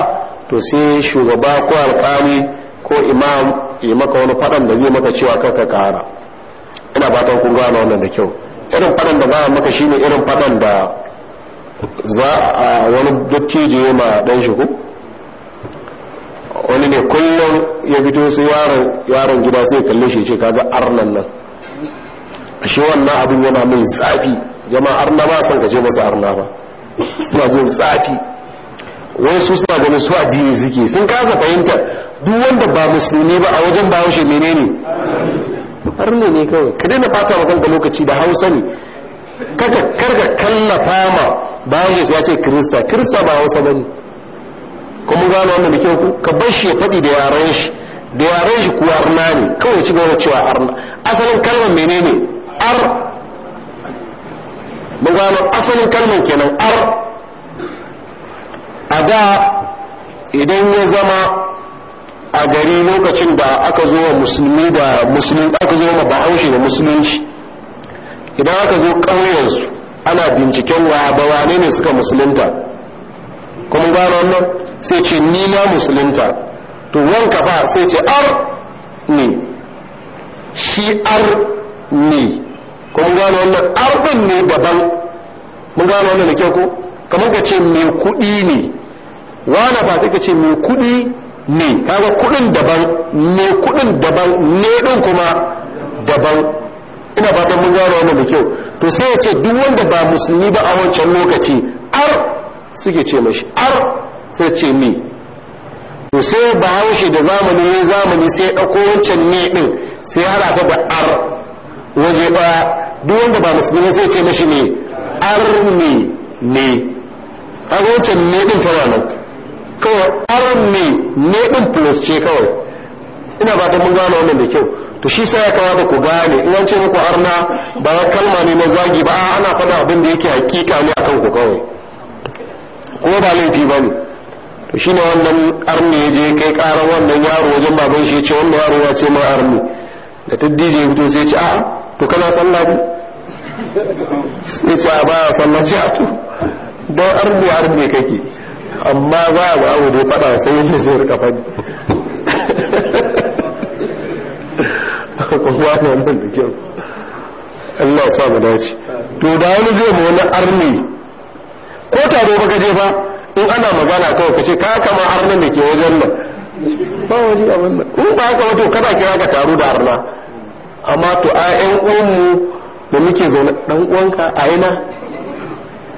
to sai shugaba ko alƙali ko imam ya maka wani faɗan da zai maka cewa ka ƙara ina fatan kun gano wannan da kyau irin faɗan da za a maka shine irin faɗan da za a wani dattijo ya ma dan shi ko wani ne kullum ya fito sai yaron yaron gida sai kalle shi ce kaga arnan nan shi wannan abin yana mai tsafi jama'a arna ba san kace masa arna ba suna jin tsafi su suna ganin su addini suke sun kasa fahimta duk wanda ba musulmi ba a wajen shi menene Arna ne kawai ka daina fata wa kanka lokaci da hausa ne kaka karka kallafa ma bayan ya ce kirista kirista ba wasa bane kuma gano wannan da kyau ku ka bar shi ya faɗi da yaren shi da yaren shi kuwa arna ne kawai ci gaba cewa arna asalin kalmar menene ar mun gano asalin kalmar kenan ar a da idan ya zama a gari lokacin da aka zo wa musulmi da musulmi aka zo wa ba'aushe da musulunci idan aka zo ƙauyensu ana binciken wa ne ne suka musulunta kuma gano wannan sai ce ni ma musulunta to wanka ba sai ce ar ne shi ar ne kuma gano wannan ar ɗin ne daban mun gano wannan da kyau ko kamar ka ce mai kuɗi ne wani ba ka ce mai kuɗi ne kaga kuɗin daban mai kuɗin daban ne ɗin kuma daban ina fatan mun gano wannan da kyau to sai ya ce duk wanda ba musulmi ba a wancan lokaci ar suke ce mashi ar sai ce me to sai ba haushe da zamani ne zamani sai ya dauko wancan ne din sai hada ta da ar waje ba duk wanda ba musulmi sai ce mashi ne ar me ne a wancan ne din tana nan kawai ar me ne din plus ce kawai ina ba ta mun gano wannan da kyau to shi sai ya kawo ku gane in ce muku arna ba ya kalma ne na zagi ba ana faɗa abin da yake hakika ne akan ku kawai ko ba laifi ba ne to shi ne wannan arni ya je kai ƙara wannan yaro wajen baban shi ya ce wannan yaro ya ce ma arni da ta dj fito sai ya ce a to kana sallah ne sai ce a baya sallah ce a to don arni arni kake amma za a ba abu da ya faɗa sai yadda zai rika faɗi kun gane wannan da kyau Allah ya sa mu dace to da wani zai mu wani arni ko ta taro baka je ba in ana magana kawai kace ka kama arnin da ke wajen nan ba wani abin nan in ba haka wato kada kira ka taru da arna amma to a ƴan uwanmu da muke zaune dan uwanka a ina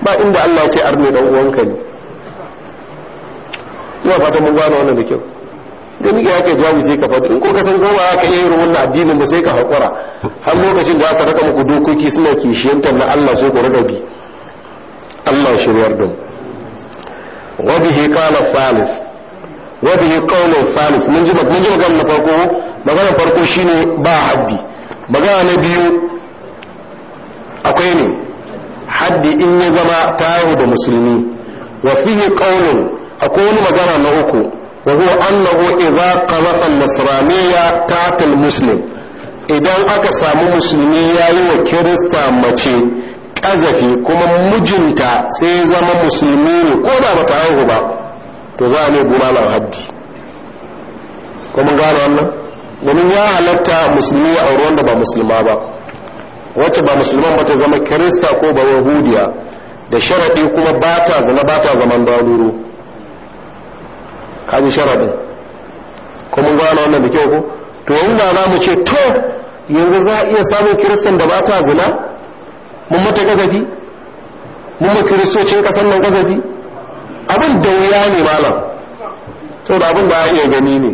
ba inda Allah ya ce arni dan uwanka ne ina fata mun gane wannan da kyau gani ga yake jawabi sai ka faɗi in ko ka san goma ka iya irin wannan addinin ba sai ka haƙura har lokacin da aka raka muku dokoki suna kishiyanta na Allah sai ku raka bi Allah shiryar da wa bihi qala salis wa bihi qawlu salis mun ji mun ji magana na farko magana farko shine ba haddi magana na biyu akwai ne haddi in ya zama tawo da musulmi wa fihi qawlun akwai wani magana na uku وهو أنه إذا قذف النصرانية تحت المسلم idan aka samu musulmi ya yi wa kirista mace ƙazafi kuma mijinta sai zama musulmi ne ko da bata haihu ba to za a ne bulalar haddi kuma gano wannan domin ya halatta musulmi a ruwan da ba musulma ba wacce ba musulma ba ta zama kirista ko ba yahudiya da sharaɗi kuma ba bata zama ba zaman daluru kaji sharaɗin kuma gwana wannan da kyau ko to yin ba za mu ce to yanzu za a iya samun kiristan da ba ta zina mun mata gazafi mun ma kiristocin ƙasar nan gazafi abin da wuya ne malam da abin da a iya gani ne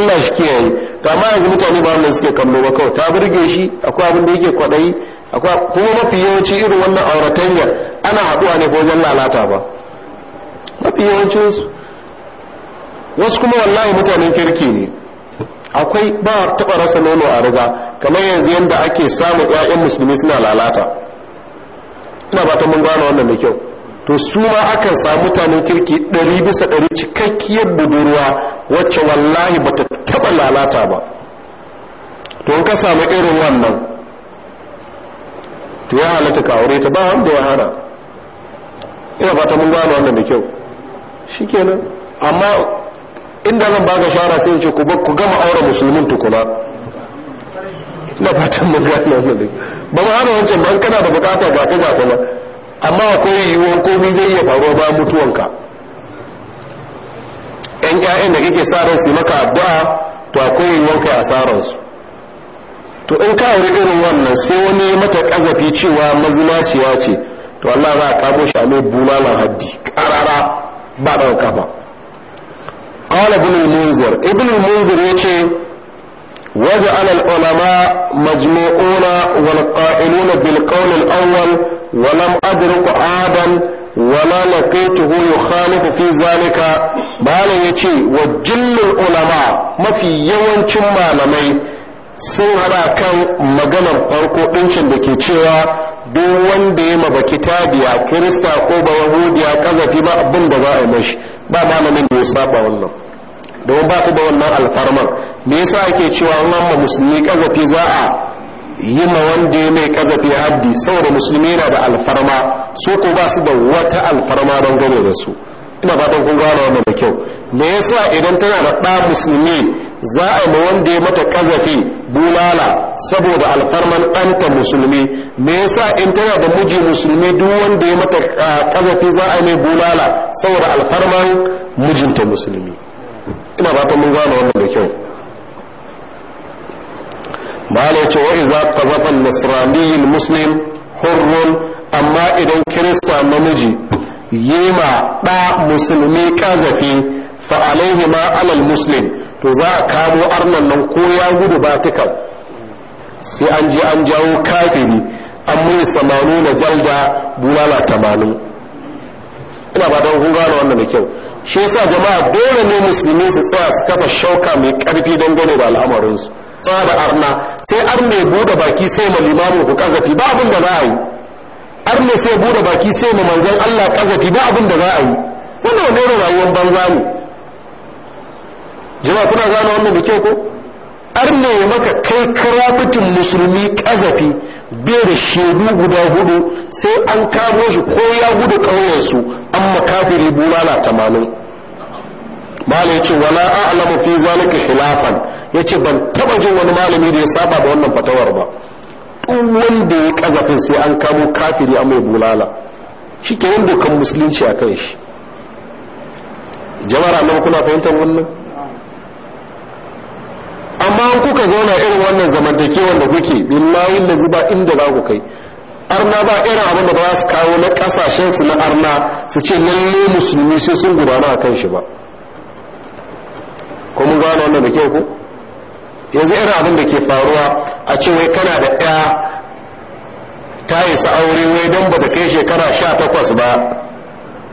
ina shi kiyaye to amma yanzu mutane ba wannan suke kallo ba kawai ta burge shi akwai abin da yake kwaɗayi akwai kuma mafi yawanci irin wannan auratanya ana haɗuwa ne ko wajen lalata ba mafi yawancinsu wasu kuma wallahi mutanen kirki ne akwai ba taɓa rasa nono a riga kamar yanzu yadda ake samun 'ya'yan musulmi suna lalata ina ta mun gane wannan da kyau to su ma akan samu mutanen kirki ɗari bisa ɗari cikakkiyar budurwa wacce wallahi ba ta taɓa lalata ba to in ka samu irin wannan to ya halatta ka aure ta ba wanda ya hana ina ta mun gano wannan da kyau shikenan amma inda zan baka shara sai ce ku gama aure musulmin tukuna na fatan mun gane wannan ba ma hana wancan ba kana da bukata ga ka gasa ba amma akwai yiwuwar komai zai iya faruwa bayan mutuwanka yan ƴaƴan da kake sa ran su maka addu'a to akwai yiwuwar kai asaran su to in ka aure irin wannan sai wani mata kazafi cewa mazinaciya ce to Allah za shi a mai bulalan haddi qala ibn al-munzir ibn al-munzir yace وجعل العلماء مجموعون والقائلون بالقول الأول ولم أدرك آدم ولا لقيته يخالف في ذلك بل يتي وجل العلماء ما في يوم ما لمي sun hada kan maganar farko ɗincin da ke cewa duk wanda ya maba kitabiya kirista ko ba yahudiya kazafi ba abin da za a yi mashi ba malamin da ya saba wannan don ba ku da wannan alfarman me yasa ake cewa wannan ma musulmi kazafi za a yi ma wanda ya mai kazafi haddi saboda musulmi yana da alfarma su ko ba su da wata alfarma don gane da su ina fatan kun gane wannan da kyau me yasa idan tana da ɗa musulmi za a ma wanda ya mata kazafi bulala saboda alfarman ɗanta musulmi me yasa in tana da miji musulmi duk wanda ya mata kazafi ah, za a mai bulala saboda alfarman mijinta musulmi ina fatan mun gane wannan da kyau bala ya ce wa iza qazafa nasrani muslim hurrun amma idan kirista namiji yima da musulmi kazafi fa alaihi ma alal muslim to za a kamo arnan nan ko ya gudu ba sai an je an jawo kafiri an mai samanu na jalda bulala tamanin ina ba don kun gane wannan da kyau shi yasa jama'a dole ne musulmi su tsaya su kafa shauka mai karfi don gane da al'amarinsu tsaya da arna sai arne buɗe baki sai ma limamin ku kazafi ba abin da za a yi arne sai buɗe baki sai ma manzon Allah kazafi ba abin da za a yi wannan ne rayuwar banza ne jama'a kuna gane wannan da kyau ko arne ya maka kai karafitin musulmi kazafi bai da shaidu guda hudu sai an kamo shi ko ya gudu su an makafiri bulala tamanin mala ya ce wala a'lamu fi zalika khilafan ya ce ban taba jin wani malami da ya saba da wannan fatawar ba duk wanda ya kazafin sai an kamo kafiri an mai bulala shi ke yin dokan musulunci a kan shi jamara annabi kuna fahimtar wannan amma kuka zauna irin wannan zamantakewan da kuke billahi da ba inda za ku kai arna ba irin abin da ba su kawo na kasashen su na arna su ce lalle musulmi sai sun gudana a kan shi ba ko mun gano wannan da kyau ku yanzu irin abin da ke faruwa a ce wai kana da ɗaya ta isa aure wai don ba ta kai shekara sha takwas ba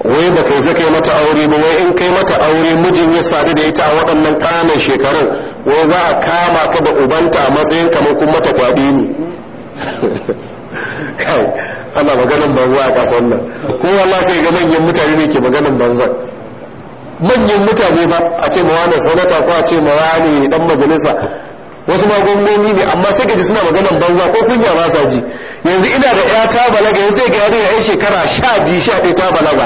wai ba kai zaka yi mata aure ba wai in kai mata aure mijin ya sadu da ita a waɗannan ƙananan shekarun wai za a kama ka da ubanta a matsayin kamar kuma mata kwaɗi ne kai ana maganin banza a ƙasar nan ko wala sai ga manyan mutane ne ke maganin banza manyan mutane ba a ce ma wani sanata ko a ce ma wani dan majalisa wasu magungoni ne amma sai ka ji suna maganan banza ko kunya ba sa ji yanzu ina da ya ta balaga yanzu sai ga yarinya yan shekara sha biyu sha ɗaya ta balaga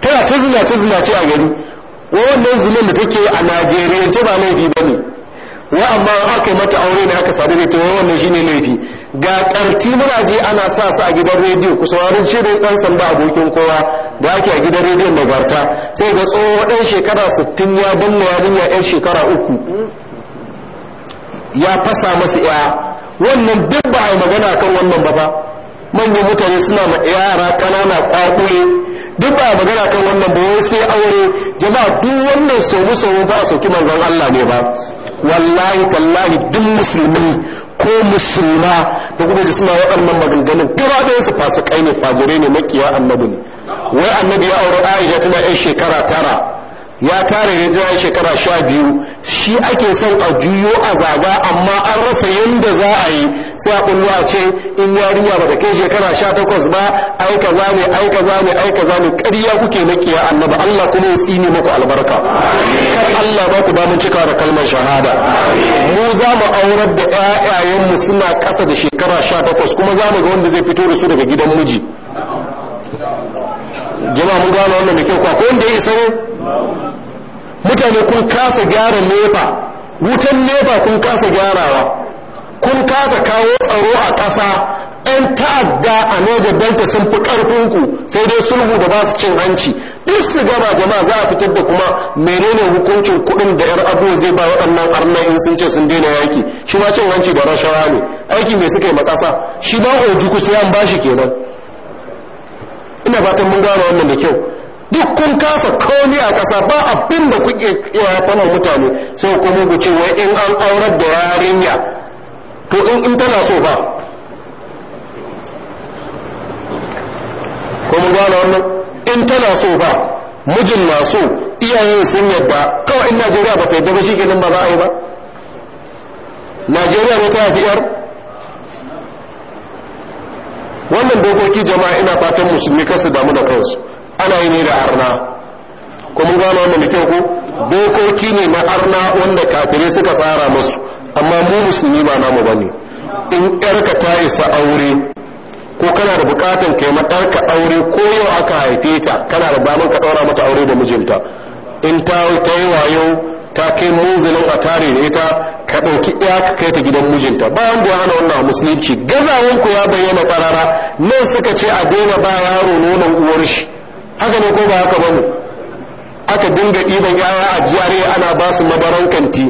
tana ta zina ta zina ce a gari wannan zinin da take a najeriya ta ba laifi ba ne wa amma aka yi mata aure da aka sadu da ta wannan shine laifi ga karti muna je ana sa su a gidan rediyo ku sauraron shirin dan sanda abokin kowa da ake a gidan rediyon da garta sai ga tsohon dan shekara sittin ya binne yarinya yar shekara uku ya fasa masa ya wannan duk ba a magana kan wannan ba fa manyan mutane suna ma yara kanana kwakule duk ba a magana kan wannan ba wai sai aure jama'a duk wannan somu somu ba a sauki manzon Allah ne ba wallahi tallahi duk musulmi ko musulma da kuma suna waɗannan maganganun gaba ɗaya su fasikai ne fajirai ne makiya annabi ne wai annabi ya aure aisha tana yan shekara tara ya tare ne jiran shekara sha biyu shi ake son a juyo a zaga amma an rasa yadda za a yi sai a kullu ce in yarinya ba da kai shekara sha takwas ba ai kaza ne ai kaza ne ai kaza ne ƙarya kuke makiya annaba Allah kuma ya tsine maku albarka kar Allah ba ku ba mu cika da kalmar shahada mu za mu aurar da ƴaƴayenmu suna kasa da shekara sha takwas kuma za mu ga wanda zai fito da su daga gidan miji jama'a mun gano wannan da kyau ko wanda ya isa ne mutane kun kasa gyara nefa wutan nefa kun kasa gyarawa kun kasa kawo tsaro a ƙasa 'yan ta'adda a Niger danta sun fi ƙarfinku sai dai sulhu da ba su cin hanci duk su gaba jama'a za a fitar da kuma menene hukuncin kuɗin da 'yar abu zai ba waɗannan arna in sun ce sun daina yaki shi ma cin hanci da rashawa ne aiki mai suka yi makasa shi ba ojuku sai an bashi kenan ina fatan mun gane wannan da kyau duk kun kasa komi a ƙasa ba abin da kuke iya fana mutane sai kuma ku ce wai in an aurar da yarinya to in tana so ba kuma gane wannan in tana so ba mijin na so iyayen sun yadda kawai in najeriya ba ta yadda ba shi ginin ba za a yi ba najeriya ne ta fi yar wannan dokoki jama'a ina fatan musulmi kasu damu da kansu ana yi ne da arna kuma gano wannan da kyau ko dokoki ne na arna wanda kafirai suka tsara musu amma mu musulmi ba namu bane in yarka ta isa aure ko kana da bukatan kai matarka aure ko yau aka haife ta kana da damar ka mata aure da mijinta in ta ta yi wayo ta kai munzilin a tare da ita ka ɗauki ɗaya ka kai ta gidan mijinta bayan da ana wannan musulunci gazawanku ya bayyana ƙarara nan suka ce a daina ba yaro nonon uwar shi haka ne ko ba haka ba mu? aka dinga ɗiban yaya a jiyare ana ba su madaran kanti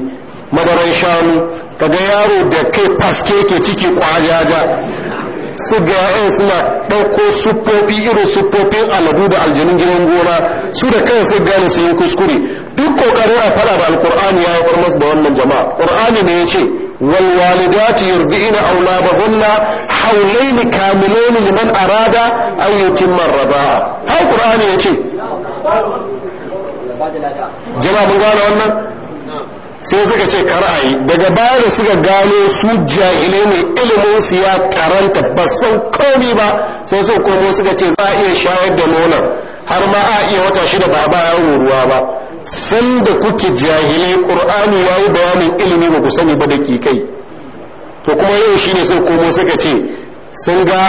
madaran shanu kaga yaro da kai faske ke ciki kwajaja su ga yan suna ɗauko siffofi irin siffofin aladu da aljanin gidan gona su da kai su gane su yi kuskure duk kokarin a faɗa da alkur'ani ya yi masu da wannan jama'a ƙur'ani ne ya ce والوالدات يرضئن أولادهن حولين كاملين لمن أراد أن يتم الرضاعة هاي القرآن يأتي جماعة من قال أنه sai suka ce kara'ayi daga baya da suka gano su jahilai ne ilimin su ya karanta ba san komi ba sai su komo suka ce za a iya shayar da nonon har ma a iya wata shida ba a bayan ruwa ba sanda kuke jahilai qur'ani yi bayanin ilimi ba ku sani ba da kikai to kuma yau shine sai komo suka ce sun ga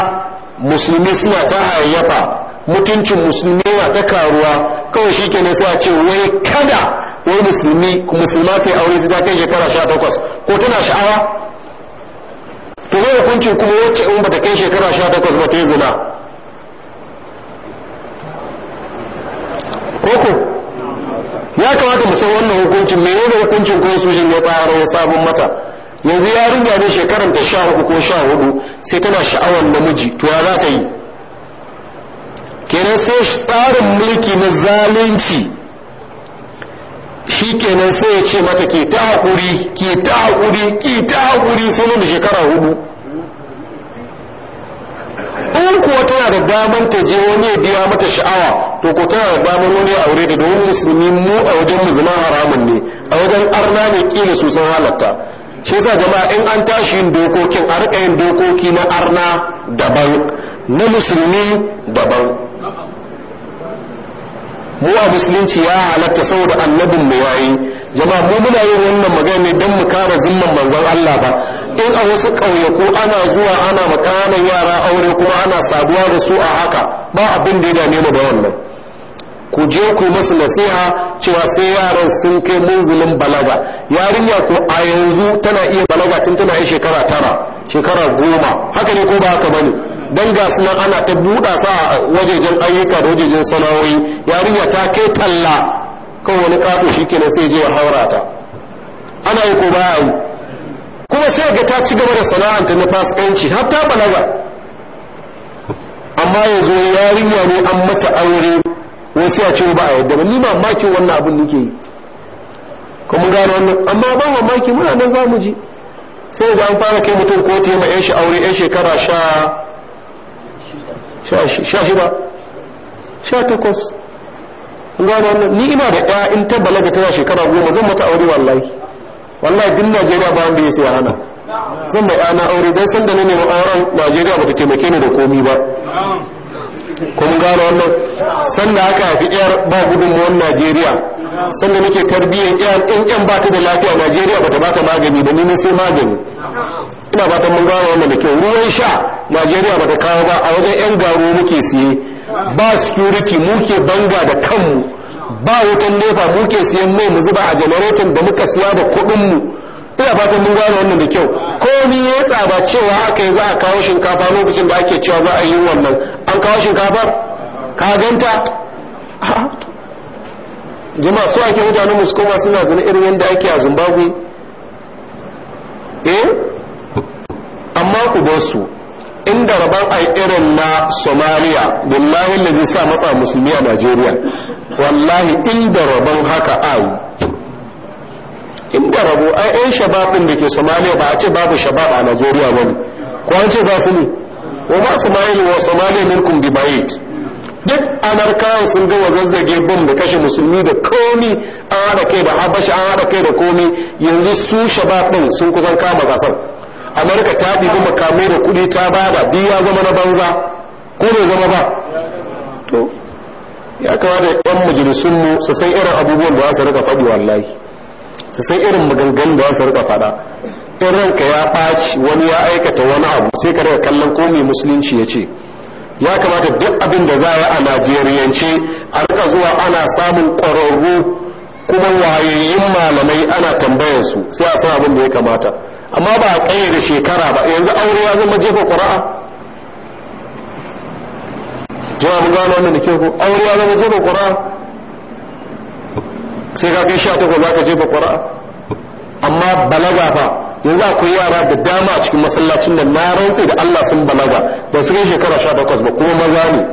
musulmi suna ta hayyafa mutuncin musulmi na ta karuwa kawai shi kenan sai a ce wai kada wai musulmi musulma ta aure su ta kai shekara sha takwas ko tana sha'awa to wai hukuncin kuma wacce in bata kai shekara sha takwas ba ta yi zina ya kamata mu san wannan hukuncin me da hukuncin constitution ya tsara ya sabon mata yanzu ya yarinya ne shekaran ta sha uku ko sha hudu sai tana sha'awar namiji to ya za ta yi kenan sai tsarin mulki na zalunci shi kenan sai ya ce mata ke ta haƙuri ke ta haƙuri ke ta haƙuri sai da shekara hudu kowa tana da daman ta je wani ya biya mata sha'awa to ko tana da daman wani ya aure da domin musulmi mu a wajen musulman haramun ne a wajen arna ne kila su san halatta shi yasa jama'a in an tashi yin dokokin a rika yin dokoki na arna daban na musulmi daban mu a musulunci ya halatta saboda annabin mu yayi jama'a mu muna yin wannan magana ne don mu kare zimman manzon Allah ba in a wasu ƙauyaku ana zuwa ana makanan yara aure kuma ana saduwa da su a haka ba abin da ya dame mu da wannan ku je ku masu nasiha cewa sai yaran sun kai munzulin balaga yarinya ko a yanzu tana iya balaga tun tana yin shekara tara shekara goma haka ne ko ba haka bane don ga suna ana ta buɗa sa a wajejen ayyuka da wajejen sana'o'i yarinya ta kai talla kan wani ƙato shi kenan sai je haura ta ana yi ko baya yi kuma sai ga ta ci gaba da sana'anta na fasikanci har ta balaga amma yanzu yarinya ne an mata aure wasu ya ce ba a yadda ba ni mamakin wannan abin nake yi kuma gano wannan amma ban mamaki muna nan za mu ji sai da an fara kai mutum ta yi ma 'yan shi aure 'yan shekara sha sha shida sha takwas gano wannan ni ina da ɗaya in ta balaga tana shekara goma zan mata aure wallahi wallahi duk najeriya ba da ya sai hana zan da ɗana aure don sanda na neman auren najeriya ba ta taimake ni da komi ba kun gano wannan sanda aka haifi yar ba gudunmuwan najeriya sanda nake tarbiyyar yar yan ba ta da lafiya najeriya ba ta ba ta magani da ni sai magani ina fatan mun gano wannan da kyau ruwan sha Najeriya bata kawo ba a wajen yan garo muke siye ba security muke banga da kanmu ba wutan nefa muke siyan mai mu zuba a generator da muka siya da kuɗin mu ina fatan mun gano wannan da kyau komi ya tsaba cewa haka yi za a kawo shinkafa lokacin da ake cewa za a yi wannan an kawo shinkafa ka ganta jama'a su ake mutanen musu koma suna zina irin yadda ake a zimbabwe eh amma ku bar su inda rabon a irin na somaliya billahi da zai sa matsa musulmi a najeriya wallahi inda rabon haka ayi inda rabo ai yan shabab da ke somaliya ba a ce babu shabab a najeriya ba ko an ce ba su ne wa ma somaliya wa somaliya minkum bi duk amurkawa sun gama zazzage bom da kashe musulmi da komi an haɗa kai da habasha an haɗa kai da komi yanzu su shabab ɗin sun kusan kama gasar amurka ta ɗibi makamai da kuɗi ta bada bi ya zama na banza ko bai zama ba to ya kamata yan majalisunmu su san irin abubuwan da su rika faɗi wallahi su san irin maganganu da su rika faɗa in ranka ya ɓaci wani ya aikata wani abu sai ka daga kallon ko musulunci ya ce ya kamata duk abin da za a a najeriyance a rika zuwa ana samun ƙwararru kuma wayoyin malamai ana tambayar su sai a san abin da ya kamata amma ba a ƙayyade da shekara ba yanzu aure ya zama jefa ƙura'a jiwa mun gano wannan da ke ku aure ya zama jefa ƙura'a sai ka kai sha takwas za ka jefa ƙura'a amma balaga fa yanzu akwai yara da dama a cikin masallacin da na rantse da Allah sun balaga ba su kai shekara sha takwas ba kuma maza ne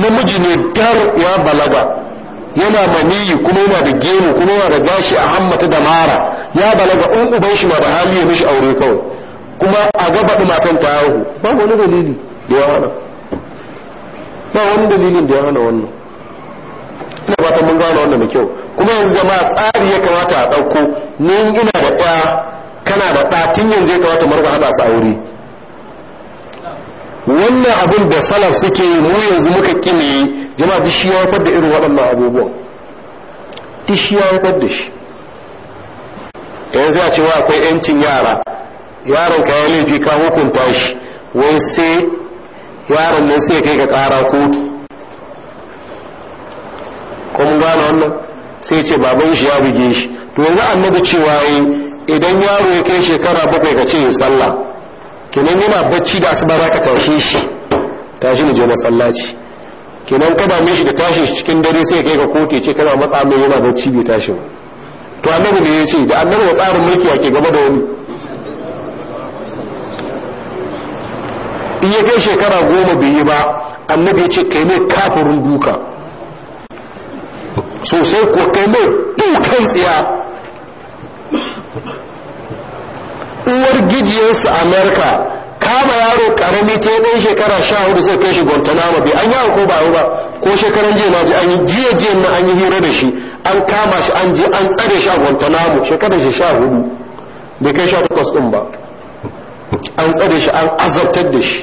namiji ne dar ya balaga yana maniyi kuma yana da gemu kuma yana da gashi a hammata da mara ya balaga in uban shi ma ba hali ya mishi aure kawai kuma a gaba da matan ta yawo ba wani dalili da ya hana ba wani dalilin da ya hana wannan ina ba ta mun gano wannan da kyau kuma yanzu jama'a tsari ya kamata a ɗauko ni ina da ɗa kana da ɗa tun yanzu ya kamata mu haɗa su aure wannan abin da salaf suke yi mu yanzu muka kine jama'a duk shi ya haifar da irin waɗannan abubuwan duk shi ya haifar da shi yanzu a cewa akwai yancin yara yaron ka ya laifi ka hukunta shi wai sai yaron nan sai kai ka kara kotu kuma mun wannan sai ce baban shi ya buge shi to yanzu annabi cewa yi idan yaro ya kai shekara bakwai ka ce ya sallah kenan yana bacci da asuba za ka tashe shi tashi mu je masallaci kenan kada mishi da tashi cikin dare sai kai ka koke ce kana matsa mai yana bacci bai tashi ba to annabi ne ya ce da annabi tsarin mulki ke gaba da wani in ya kai shekara goma bai yi ba annabi ya ce kai ne kafirin duka sosai ko kai ne dukan tsiya uwar gijiyarsu amerika kama yaro karami ta yi ɗan shekara sha hudu sai kai shi guantanamo bai an yi ko ba ba ko shekaran jiya na ji an yi jiya jiya na an yi hira da shi an kama shi an je an tsare shi a guantanamo shekaran shi sha hudu da kai sha takwas ɗin ba an tsare shi an azabtar da shi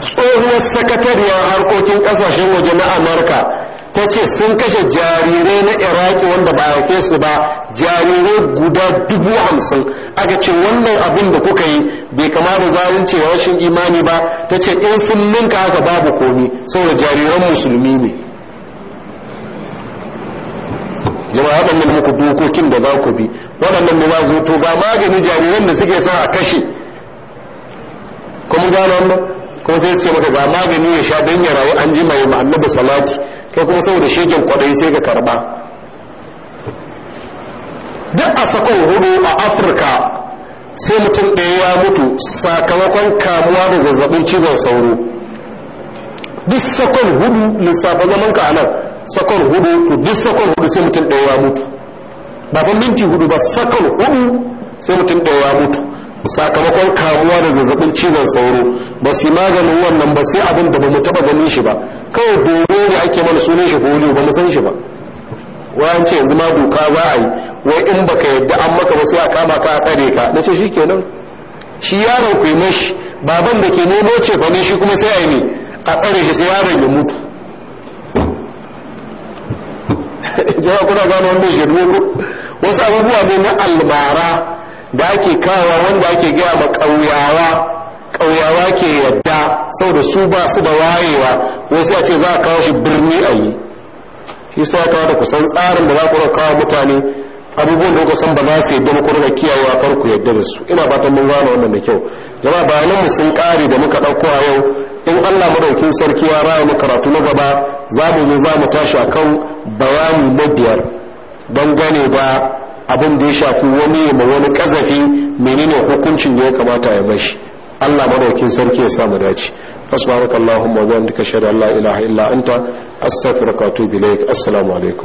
tsohuwar sakatariyar harkokin kasashen waje na amurka ta ce sun kashe jarirai na iraki wanda ba ke su ba jarirai guda dubu hamsin aka ce wannan abin da kuka yi bai kama da zalunci da rashin imani ba ta ce in sun ninka haka babu komi saboda jariran musulmi ne jama'a waɗannan muku dokokin da za ku bi waɗannan da za su to ga magani jariran da suke sa a kashe kuma gano wannan kuma sai su ce maka ga magani ya sha don ya rayu an ji mai da salati ko kuma saboda shekin kwaɗayi sai ka karɓa duk a sakon hudu a afirka sai mutum ɗaya ya mutu sakamakon kamuwa da zazzabin cizon sauro duk sakon hudu lissafa zaman ka anan sakon hudu to duk sakon hudu sai mutum ɗaya ya mutu ba minti hudu ba sakon hudu sai mutum ɗaya ya mutu sakamakon kamuwa da zazzabin cizon sauro ba su maganin wannan ba sai abin da ba mu taba ganin shi ba kawai dogo ne ake mana sunan shi polio ba mu san shi ba wayan ce yanzu ma doka za a yi wai in baka yadda an maka ba sai a kama ka a tsare ka na ce shi kenan shi yaron ku mashi baban da ke nemo ce ba ne shi kuma sai a yi ne a tsare shi sai yaron ya mutu jama'a kuna gano wannan shi ko wasu abubuwa ne na almara da ake kawo wanda ake gaya ma ƙauyawa ƙauyawa ke yadda saboda su ba su da wayewa wasu a ce za a kawo shi birni a yi shi sa kawo da kusan tsarin da za ku kawo mutane abubuwan da kusan ba za su yadda muku rika kiyayewa kar ku yadda da su ina fatan mun gane wannan da kyau jama'a bayanan mu sun kare da muka ɗauko a yau in Allah madaukin sarki ya raya mu karatu na gaba za mu zo za mu tashi akan bayani na biyar don gane da abin da ya shafi wani ma wani kazafi menene hukuncin da ya kamata ya bashi Allah madaukin sarki ya samu dace allahumma wa bihamdika ashhadu an la ilaha illa anta astaghfiruka wa atubu ilaik assalamu alaikum